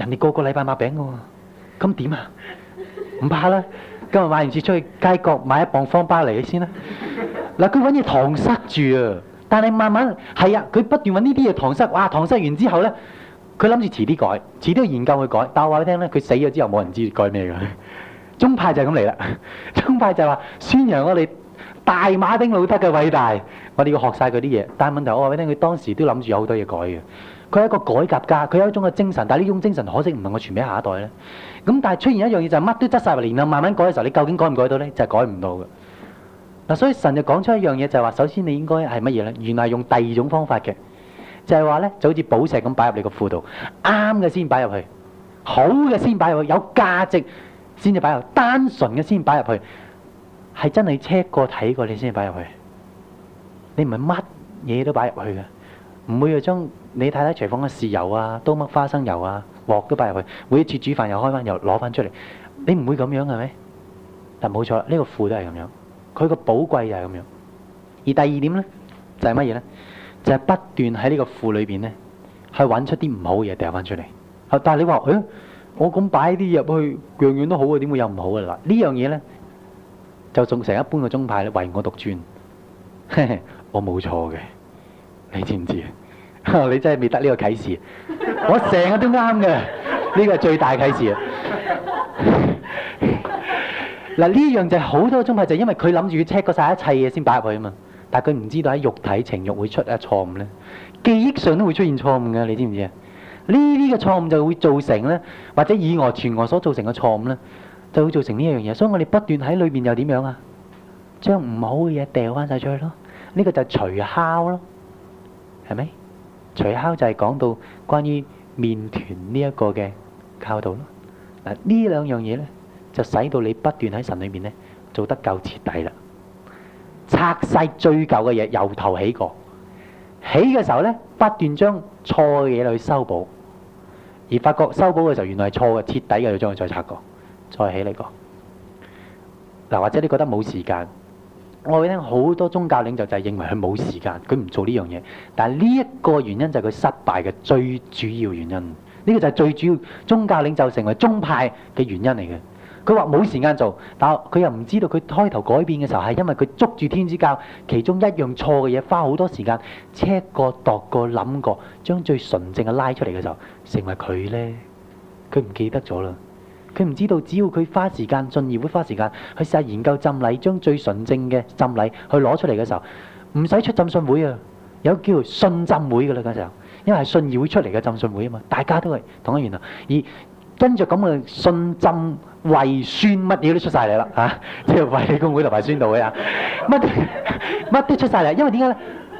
人哋個個禮拜買餅嘅喎，咁點啊？唔怕啦，今日買完次出去街角買一磅方包嚟先啦。嗱，佢揾嘢搪塞住啊，但係慢慢係啊，佢不斷揾呢啲嘢搪塞。哇，搪塞完之後咧，佢諗住遲啲改，遲啲研究去改。但我話畀你聽咧，佢死咗之後冇人知改咩㗎。宗派就係咁嚟啦，宗派就係話宣揚我哋。大馬丁路德嘅偉大，我哋要學曬佢啲嘢。但係問題我話俾你聽，佢當時都諗住有好多嘢改嘅。佢係一個改革家，佢有一種嘅精神。但係呢種精神，可惜唔能夠傳俾下一代咧。咁但係出現一樣嘢就係乜都執曬埋，然後慢慢改嘅時候，你究竟改唔改到咧？就係改唔到嘅。嗱，所以神就講出一樣嘢就係話：首先你應該係乜嘢咧？原來用第二種方法嘅，就係話咧就好似寶石咁擺入你個庫度，啱嘅先擺入去，好嘅先擺入去，有價值先至擺入去，單純嘅先擺入去。係真係 check 過睇過你先至擺入去，你唔係乜嘢都擺入去嘅，唔會又將你太太廚房嘅豉油啊、多乜花生油啊、鑊都擺入去，每一次煮飯又開翻又攞翻出嚟，你唔會咁樣係咪？但冇錯啦，呢個庫都係咁樣，佢個寶貴就係咁樣。而第二點咧就係乜嘢咧？就係不斷喺呢個庫裏邊咧去揾出啲唔好嘢掉翻出嚟。但係你話誒，我咁擺啲嘢入去，樣樣都好啊，點會有唔好嘅？嗱，呢樣嘢咧。就仲成一般嘅宗派咧，唯我獨尊， 我冇錯嘅，你知唔知啊？ 你真係未得呢個啟示， 我成日都啱嘅，呢個係最大嘅啟示啊！嗱， 呢樣就係好多宗派就係因為佢諗住要 check 過晒一切嘢先擺入去啊嘛，但係佢唔知道喺肉體情欲會出啊錯誤咧，記憶上都會出現錯誤嘅，你知唔知啊？呢啲嘅錯誤就會造成咧，或者以外全外所造成嘅錯誤咧。就會造成呢一樣嘢，所以我哋不斷喺裏面又點樣啊？將唔好嘅嘢掉翻曬出去咯。呢個就係除酵咯，係咪？除酵就係講到關於麵團呢一個嘅酵度咯。嗱呢兩樣嘢咧，就使到你不斷喺神裏面咧做得夠徹底啦，拆曬最舊嘅嘢，由頭起過起嘅時候咧，不斷將錯嘅嘢嚟去修補，而發覺修補嘅時候原來係錯嘅，徹底嘅要將佢再拆過。再起嚟個嗱，或者你覺得冇時間？我會聽好多宗教領袖就係認為佢冇時間，佢唔做呢樣嘢。但係呢一個原因就係佢失敗嘅最主要原因。呢個就係最主要宗教領袖成為宗派嘅原因嚟嘅。佢話冇時間做，但係佢又唔知道佢開頭改變嘅時候係因為佢捉住天主教其中一樣錯嘅嘢，花好多時間 check 過、度過、諗過，將最純正嘅拉出嚟嘅時候，成為佢咧，佢唔記得咗啦。佢唔知道，只要佢花時間信義會花時間去試下研究浸禮，將最純正嘅浸禮去攞出嚟嘅時候，唔使出浸信會啊，有叫信浸會嘅啦，嗰時候，因為係信義會出嚟嘅浸信會啊嘛，大家都係同一源頭，而跟住咁嘅信浸衛宣乜嘢都出晒嚟啦嚇，即係衛理公會同埋宣道會啊，乜、就、乜、是啊、都，都出晒嚟，因為點解咧？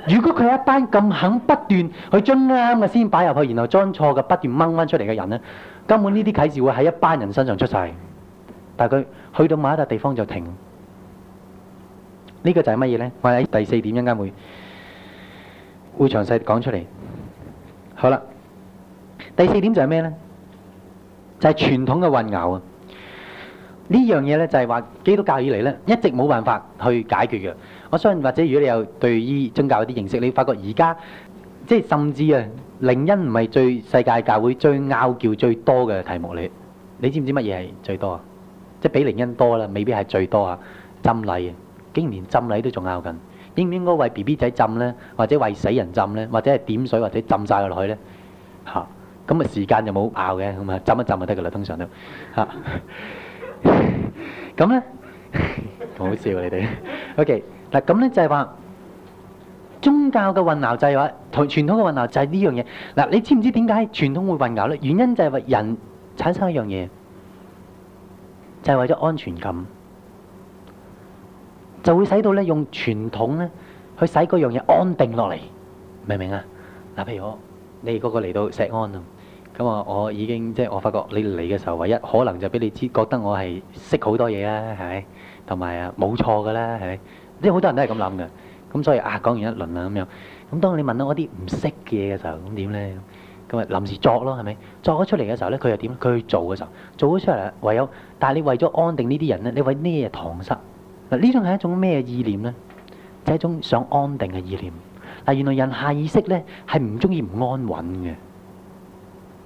如果佢係一班咁肯不斷去將啱嘅先擺入去，然後將錯嘅不斷掹翻出嚟嘅人咧？根本呢啲啟示會喺一班人身上出曬，但係佢去到某一個地方就停。呢個就係乜嘢呢？我喺第四點應該會會詳細講出嚟。好啦，第四點就係咩呢？就係傳統嘅混淆啊！呢樣嘢呢就係話基督教以嚟呢一直冇辦法去解決嘅。我相信或者如果你有對於宗教一啲認識，你發覺而家即係甚至啊～靈恩唔係最世界教會最拗撬最多嘅題目嚟，你知唔知乜嘢係最多啊？即係比靈恩多啦，未必係最多啊。浸禮啊，竟然連浸禮都仲拗緊，應唔應該為 BB 仔浸咧，或者為死人浸咧，或者係點水或者浸曬落去咧？嚇！咁啊時間就冇拗嘅，咁啊浸一浸就得噶啦，通常都嚇。咁咧，好笑你哋。OK，嗱咁咧就係話。宗教嘅混淆就係話，同傳統嘅混淆就係呢樣嘢，嗱你知唔知點解傳統會混淆咧？原因就係為人產生一樣嘢，就係、是、為咗安全感，就會使到咧用傳統咧去使嗰樣嘢安定落嚟，明唔明啊？嗱，譬如我你嗰個嚟到錫安啊，咁啊，我已經即係我發覺你嚟嘅時候，唯一可能就俾你知覺得我係識好多嘢啊，係咪？同埋啊，冇錯㗎啦，係咪？即係好多人都係咁諗嘅。咁所以啊，講完一輪啦咁樣，咁當你問到我啲唔識嘅嘢嘅時候，咁點咧？咁啊臨時作咯，係咪？作咗出嚟嘅時候咧，佢又點？佢去做嘅時候，做咗出嚟，唯有。但係你為咗安定呢啲人咧，你為咩嘢搪塞？嗱，呢種係一種咩意念咧？就係一種想安定嘅意念。嗱，原來人下意識咧係唔中意唔安穩嘅。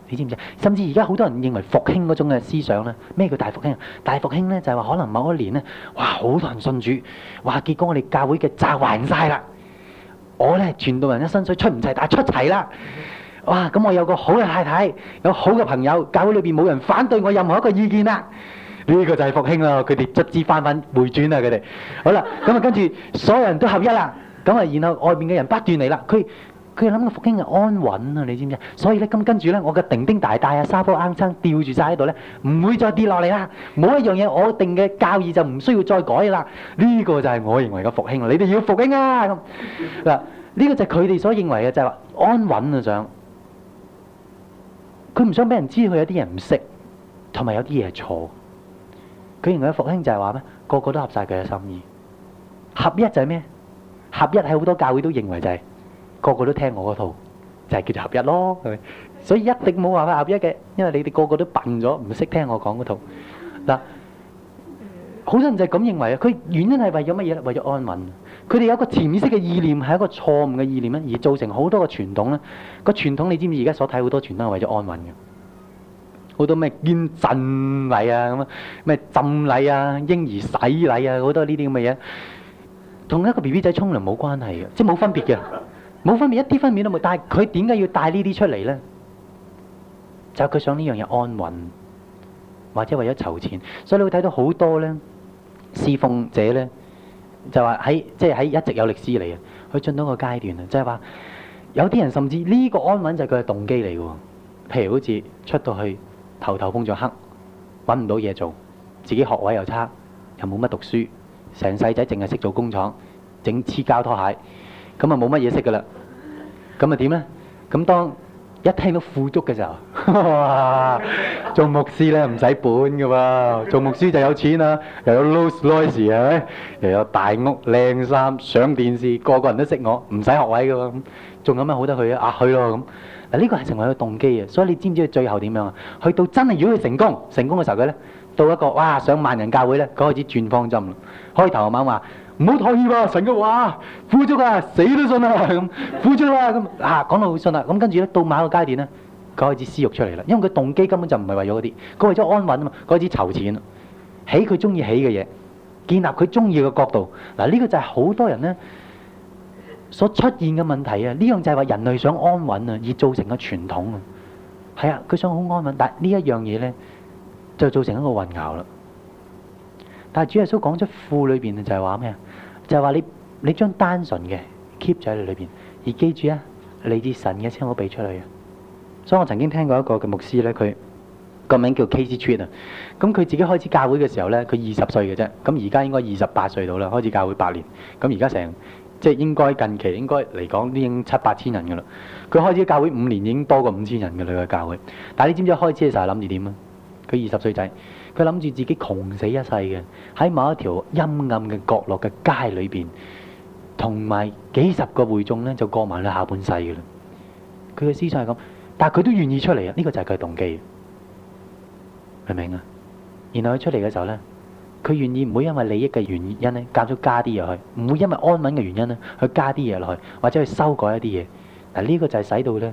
你知唔知？甚至而家好多人認為復興嗰種嘅思想咧，咩叫大復興啊？大復興咧就係話可能某一年咧，哇好多人信主，哇結果我哋教會嘅債還晒啦。我咧轉到人一身水出唔齊，但係出齊啦。哇！咁我有個好嘅太太，有好嘅朋友，教會裏邊冇人反對我任何一個意見啦。呢個就係復興啦，佢哋卒之翻返回轉啦，佢哋。好啦，咁啊跟住所有人都合一啦，咁啊然後外邊嘅人不斷嚟啦，佢。佢諗個復興係安穩啊！你知唔知？所以咧咁跟住咧，我嘅定定大帶啊、沙煲罌罉吊住曬喺度咧，唔會再跌落嚟啦。冇一樣嘢，我定嘅教義就唔需要再改啦。呢個就係我認為嘅復興啊！你哋要復興啊！咁嗱，呢個就係佢哋所認為嘅，就係話安穩啊！想佢唔想俾人知佢有啲嘢唔識，同埋有啲嘢錯。佢認為嘅復興就係話咩？個個都合曬佢嘅心意，合一就係咩？合一係好多教會都認為就係。個個都聽我嗰套，就係叫做合一咯，係咪？所以一定冇辦法合一嘅，因為你哋個個都笨咗，唔識聽我講嗰套嗱。好多人就係咁認為啊，佢原因係為咗乜嘢咧？為咗安穩。佢哋有個潛意識嘅意念係一個錯誤嘅意念咧，而造成好多個傳統咧。個傳統你知唔知？而家所睇好多傳統係為咗安穩嘅，好多咩堅振禮啊，咁啊咩浸禮啊、嬰兒洗禮啊，好多呢啲咁嘅嘢，同一個 B B 仔沖涼冇關係嘅，即係冇分別嘅。冇分別，一啲分別都冇。但係佢點解要帶呢啲出嚟咧？就係佢想呢樣嘢安穩，或者為咗籌錢。所以你會睇到好多咧，侍奉者咧就話喺即係喺一直有歷史嚟嘅。佢進到個階段啦，即係話有啲人甚至呢個安穩就係佢嘅動機嚟嘅喎。譬如好似出到去頭頭碰著黑，揾唔到嘢做，自己學位又差，又冇乜讀書，成世仔淨係識做工廠，整黐膠拖鞋。咁啊冇乜嘢識噶啦，咁啊點呢？咁當一聽到富足嘅時候呵呵，做牧師呢唔使本噶噃，做牧師就有錢啦，又有 Rolls Royce 係咪？又有大屋、靚衫、上電視，個個人都識我，唔使學位噶喎，仲有咩好得去？咧、啊？啊去咯咁！嗱呢個係成為一個動機啊。所以你知唔知佢最後點樣啊？去到真係如果佢成功，成功嘅時候佢呢到一個哇上萬人教會咧，佢開始轉方針啦。開頭阿媽話。唔好討厭喎，神嘅話，富足啊，死都信啊，咁富足啊，咁啊講到好信啦、啊，咁跟住咧到某一個階段咧，佢開始私欲出嚟啦，因為佢動機根本就唔係為咗嗰啲，佢為咗安穩啊嘛，佢開始籌錢，起佢中意起嘅嘢，建立佢中意嘅角度。嗱、啊、呢、這個就係好多人咧所出現嘅問題啊！呢樣就係話人類想安穩啊，而造成嘅傳統啊。係啊，佢想好安穩，但呢一樣嘢咧就造成一個混淆啦。但係主耶穌講出富裏邊就係話咩啊？就係話你，你將單純嘅 keep 咗喺你裏邊，而記住啊，你至神嘅先我俾出嚟啊。所以我曾經聽過一個嘅牧師咧，佢個名叫 Case Treat 啊。咁佢自己開始教會嘅時候咧，佢二十歲嘅啫。咁而家應該二十八歲到啦，開始教會八年。咁而家成即係應該近期應該嚟講已經七八千人噶啦。佢開始教會五年已經多過五千人嘅佢嘅教會。但係你知唔知開始嘅時候諗住點啊？佢二十歲仔。佢諗住自己窮死一世嘅，喺某一條陰暗嘅角落嘅街裏邊，同埋幾十個會眾咧就過埋佢下半世嘅啦。佢嘅思想係咁，但係佢都願意出嚟啊。呢個就係佢動機，明唔明啊？然後佢出嚟嘅時候咧，佢願意唔會因為利益嘅原因咧，夾咗加啲嘢去，唔會因為安穩嘅原因咧，去加啲嘢落去，或者去修改一啲嘢。嗱，呢個就係使到咧。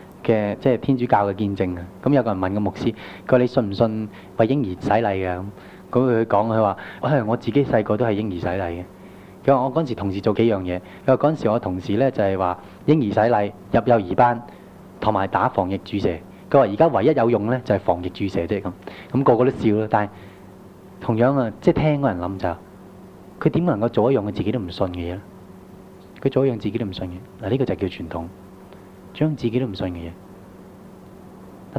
嘅即係天主教嘅見證啊！咁有個人問個牧師：佢話你信唔信為嬰兒洗禮嘅咁？咁佢講佢話：我、哎、係我自己細個都係嬰兒洗禮嘅。佢話我嗰陣時同時做幾樣嘢。佢話嗰陣時我同事咧就係、是、話嬰兒洗禮、入幼兒班同埋打防疫注射。佢話而家唯一有用咧就係防疫注射啫咁。咁、那個個都笑啦。但係同樣啊，即係聽嗰人諗就，佢點能夠做一樣佢自己都唔信嘅嘢咧？佢做一樣自己都唔信嘅嗱，呢個就叫傳統。將自己都唔信嘅嘢，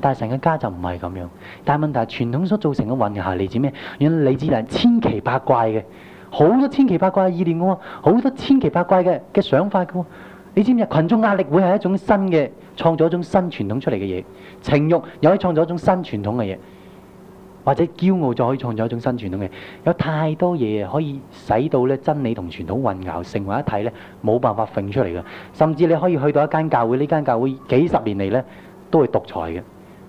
但係成個家就唔係咁樣。但係問題係傳統所造成嘅混淆係嚟自咩？原來嚟自千奇百怪嘅，好多千奇百怪嘅意念嘅喎，好多千奇百怪嘅嘅想法嘅喎。你知唔知？群眾壓力會係一種新嘅創造一種新傳統出嚟嘅嘢，情欲又可以創造一種新傳統嘅嘢。或者驕傲就可以創造一種新傳統嘅，有太多嘢可以使到咧真理同傳統混淆成為一體咧，冇辦法揈出嚟㗎。甚至你可以去到一間教會，呢間教會幾十年嚟咧都係獨裁嘅。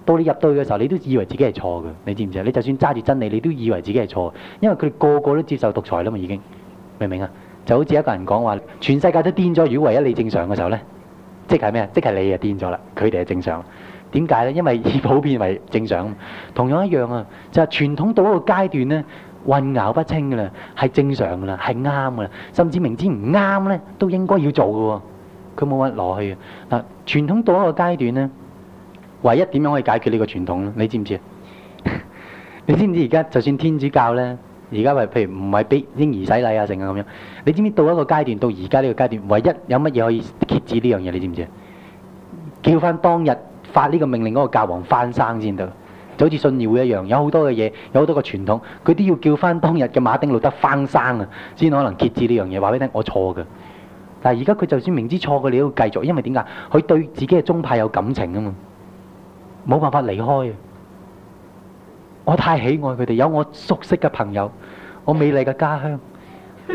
到你入到去嘅時候，你都以為自己係錯嘅，你知唔知啊？你就算揸住真理，你都以為自己係錯，因為佢個個都接受獨裁啦嘛，已經明唔明啊？就好似一個人講話，全世界都癲咗，如果唯一你正常嘅時候咧，即係咩？即係你啊癲咗啦，佢哋係正常。點解咧？因為以普遍為正常，同樣一樣啊，就係傳統到一個階段咧，混淆不清噶啦，係正常噶啦，係啱噶啦，甚至明知唔啱咧，都應該要做噶喎，佢冇乜落去嘅嗱。傳統到一個階段咧，唯一點樣可以解決呢個傳統咧？你知唔知啊？你知唔知而家就算天主教咧，而家咪譬如唔係俾嬰兒洗禮啊，成啊咁樣？你知唔知到一個階段到而家呢個階段，唯一有乜嘢可以揭止呢樣嘢？你知唔知啊？叫返當日。發呢個命令嗰個教皇翻生先得，就好似信義會一樣，有好多嘅嘢，有好多個傳統，佢都要叫翻當日嘅馬丁路德翻生啊，先可能決志呢樣嘢。話俾你聽，我錯嘅。但係而家佢就算明知錯嘅，你都要繼續，因為點解？佢對自己嘅宗派有感情啊嘛，冇辦法離開。我太喜愛佢哋，有我熟悉嘅朋友，我美麗嘅家鄉，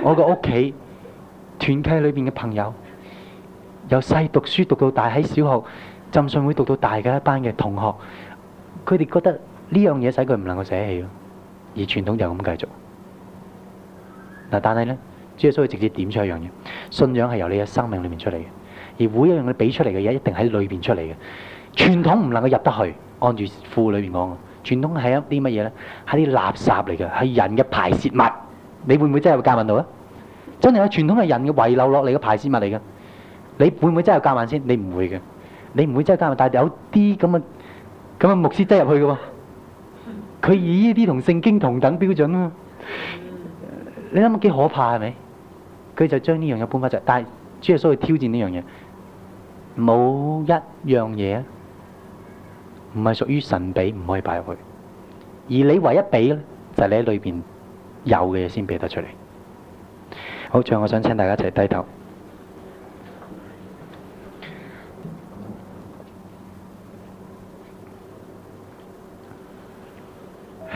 我嘅屋企， 團契裏邊嘅朋友，由細讀書讀到大喺小學。浸信會讀到大嘅一班嘅同學，佢哋覺得呢樣嘢使佢唔能夠寫得起咯，而傳統就咁繼續。嗱，但係咧，只係所以直接點出一樣嘢：信仰係由你嘅生命裏面出嚟嘅，而每一樣你俾出嚟嘅嘢一定喺裏邊出嚟嘅。傳統唔能夠入得去，按住庫裏邊講，傳統係一啲乜嘢咧？係啲垃圾嚟嘅，係人嘅排泄物。你會唔會真係教訓到啊？真係有！傳統係人嘅遺留落嚟嘅排泄物嚟嘅，你會唔會真係教訓先？你唔會嘅。你唔會真係加入，但係有啲咁啊咁啊牧師擠入去嘅喎，佢以呢啲同聖經同等標準啊嘛，你諗下幾可怕係咪？佢就將呢樣嘢搬翻出，但係只係所謂挑戰呢樣嘢，冇一樣嘢唔係屬於神俾，唔可以擺入去，而你唯一俾呢就係你喺裏邊有嘅嘢先俾得出嚟。好，最後我想請大家一齊低頭。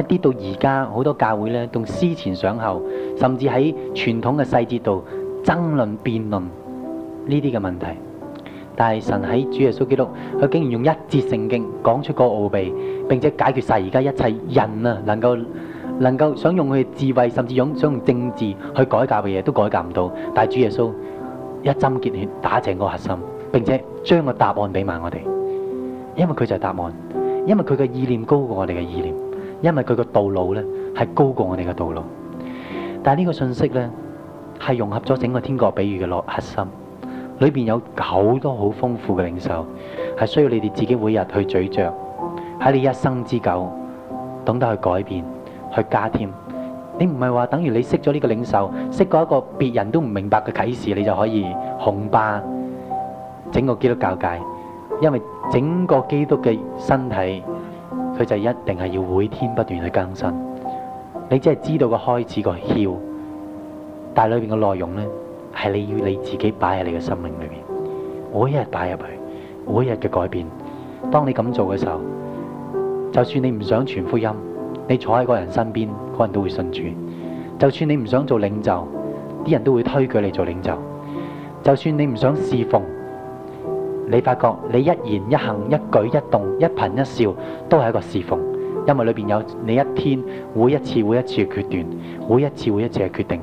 一啲到而家，好多教會咧，仲思前想後，甚至喺傳統嘅細節度爭論、辯論呢啲嘅問題。但係神喺主耶穌基督，佢竟然用一節聖經講出個奧秘，並且解決晒而家一切人啊，能夠能夠想用佢嘅智慧，甚至用想用政治去改革嘅嘢都改革唔到。但係主耶穌一針見血，打正個核心，並且將個答案俾埋我哋，因為佢就係答案，因為佢嘅意念高過我哋嘅意念。因為佢個道路呢係高過我哋嘅道路，但係呢個信息呢係融合咗整個天國比喻嘅落核心，裏邊有好多好豐富嘅領受，係需要你哋自己每日去咀嚼，喺你一生之久懂得去改變、去加添。你唔係話等於你識咗呢個領受，識過一個別人都唔明白嘅啟示，你就可以雄霸整個基督教界，因為整個基督嘅身體。佢就一定係要每天不斷去更新，你只係知道個開始個竅，但係裏邊嘅內容呢，係你要你自己擺喺你嘅生命裏面。每一日擺入去，每一日嘅改變。當你咁做嘅時候，就算你唔想傳福音，你坐喺嗰人身邊，嗰人都會信主；就算你唔想做領袖，啲人都會推舉你做領袖；就算你唔想侍奉。你發覺你一言一行一舉一動一顰一笑都係一個侍奉，因為裏邊有你一天每一次每一次嘅決斷，每一次每一次嘅決,決定，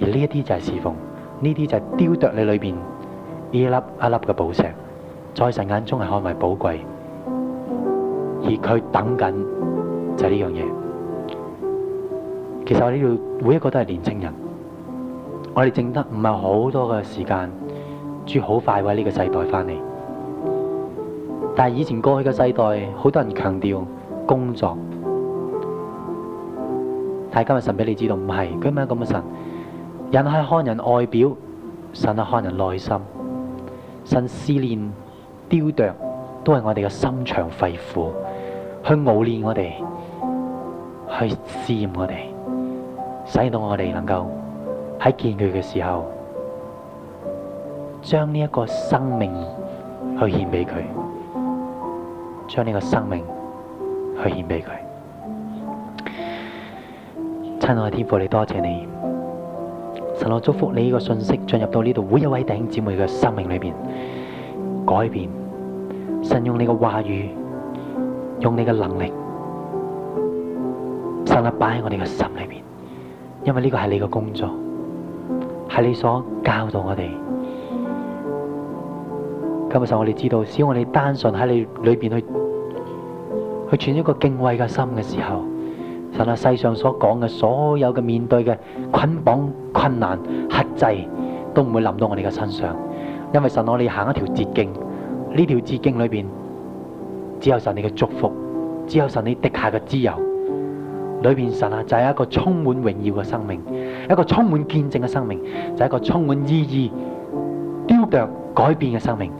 而呢一啲就係侍奉，呢啲就係雕琢你裏邊一粒一粒嘅寶石，在神眼中係可謂寶貴，而佢等緊就係呢樣嘢。其實我呢度每一個都係年輕人，我哋剩得唔係好多嘅時間，主好快位呢個世代翻嚟。但係以前過去嘅世代，好多人強調工作。但係今日神俾你知道，唔係佢唔係咁嘅神。人係看人外表，神係看人內心。神思念、雕琢，都係我哋嘅心腸肺腑，去磨練我哋，去試驗我哋，使到我哋能夠喺見佢嘅時候，將呢一個生命去獻俾佢。將你個生命去獻俾佢，親愛嘅天父，你多謝你，神，我祝福你呢個信息進入到呢度每一位弟兄姊妹嘅生命裏邊改變。神用你嘅話語，用你嘅能力，神啊，擺喺我哋嘅心裏邊，因為呢個係你嘅工作，係你所教導我哋。今日神我哋知道，只要我哋單純喺你裏邊去去存一個敬畏嘅心嘅時候，神啊世上所講嘅所有嘅面對嘅捆綁、困難、轄制，都唔會臨到我哋嘅身上，因為神我哋行一條捷徑，呢條捷徑裏邊只有神你嘅祝福，只有神你底下嘅自由，裏邊神啊就係、是、一個充滿榮耀嘅生命，一個充滿見證嘅生命，就是、一個充滿意義、雕琢改變嘅生命。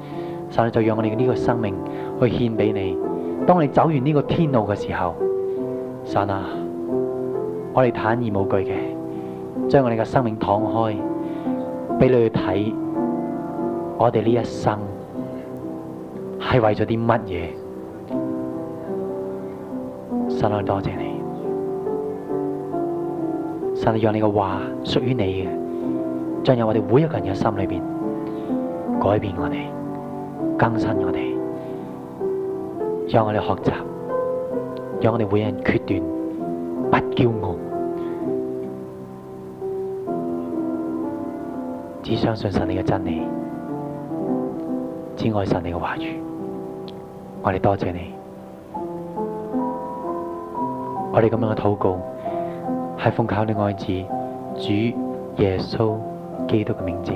神就讓我哋嘅呢個生命去獻俾你。當你走完呢個天路嘅時候，神啊，我哋坦然無懼嘅，將我哋嘅生命敞開俾你去睇，我哋呢一生係為咗啲乜嘢？神啊，多謝你！神，讓你嘅話屬於你嘅，進入我哋每一個人嘅心裏邊，改變我哋。更新我哋，讓我哋學習，讓我哋每人決斷，不驕傲，只相信神你嘅真理，只愛神你嘅話語。我哋多謝你，我哋咁樣嘅禱告係奉靠你愛子，主耶穌基督嘅名字。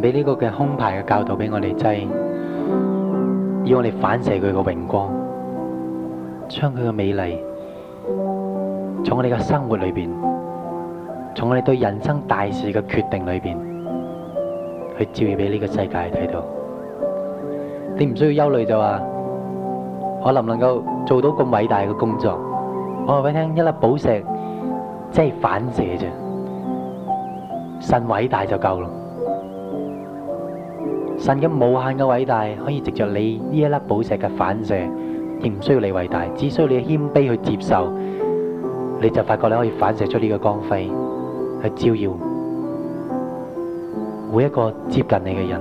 俾呢個嘅胸牌嘅教導俾我哋制，要我哋反射佢嘅榮光，將佢嘅美麗，從我哋嘅生活裏邊，從我哋對人生大事嘅決定裏邊，去照耀俾呢個世界睇到。你唔需要憂慮就話，我能唔能夠做到咁偉大嘅工作？我話俾你聽，一粒寶石即係反射啫，信偉大就夠啦。神嘅無限嘅偉大，可以藉著你呢一粒寶石嘅反射，亦唔需要你偉大，只需要你嘅謙卑去接受，你就發覺你可以反射出呢個光輝，去照耀每一個接近你嘅人，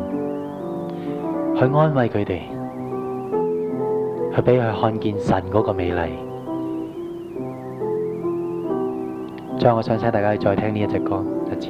去安慰佢哋，去俾佢看見神嗰個美麗。所以我想請大家再聽呢一隻歌一次。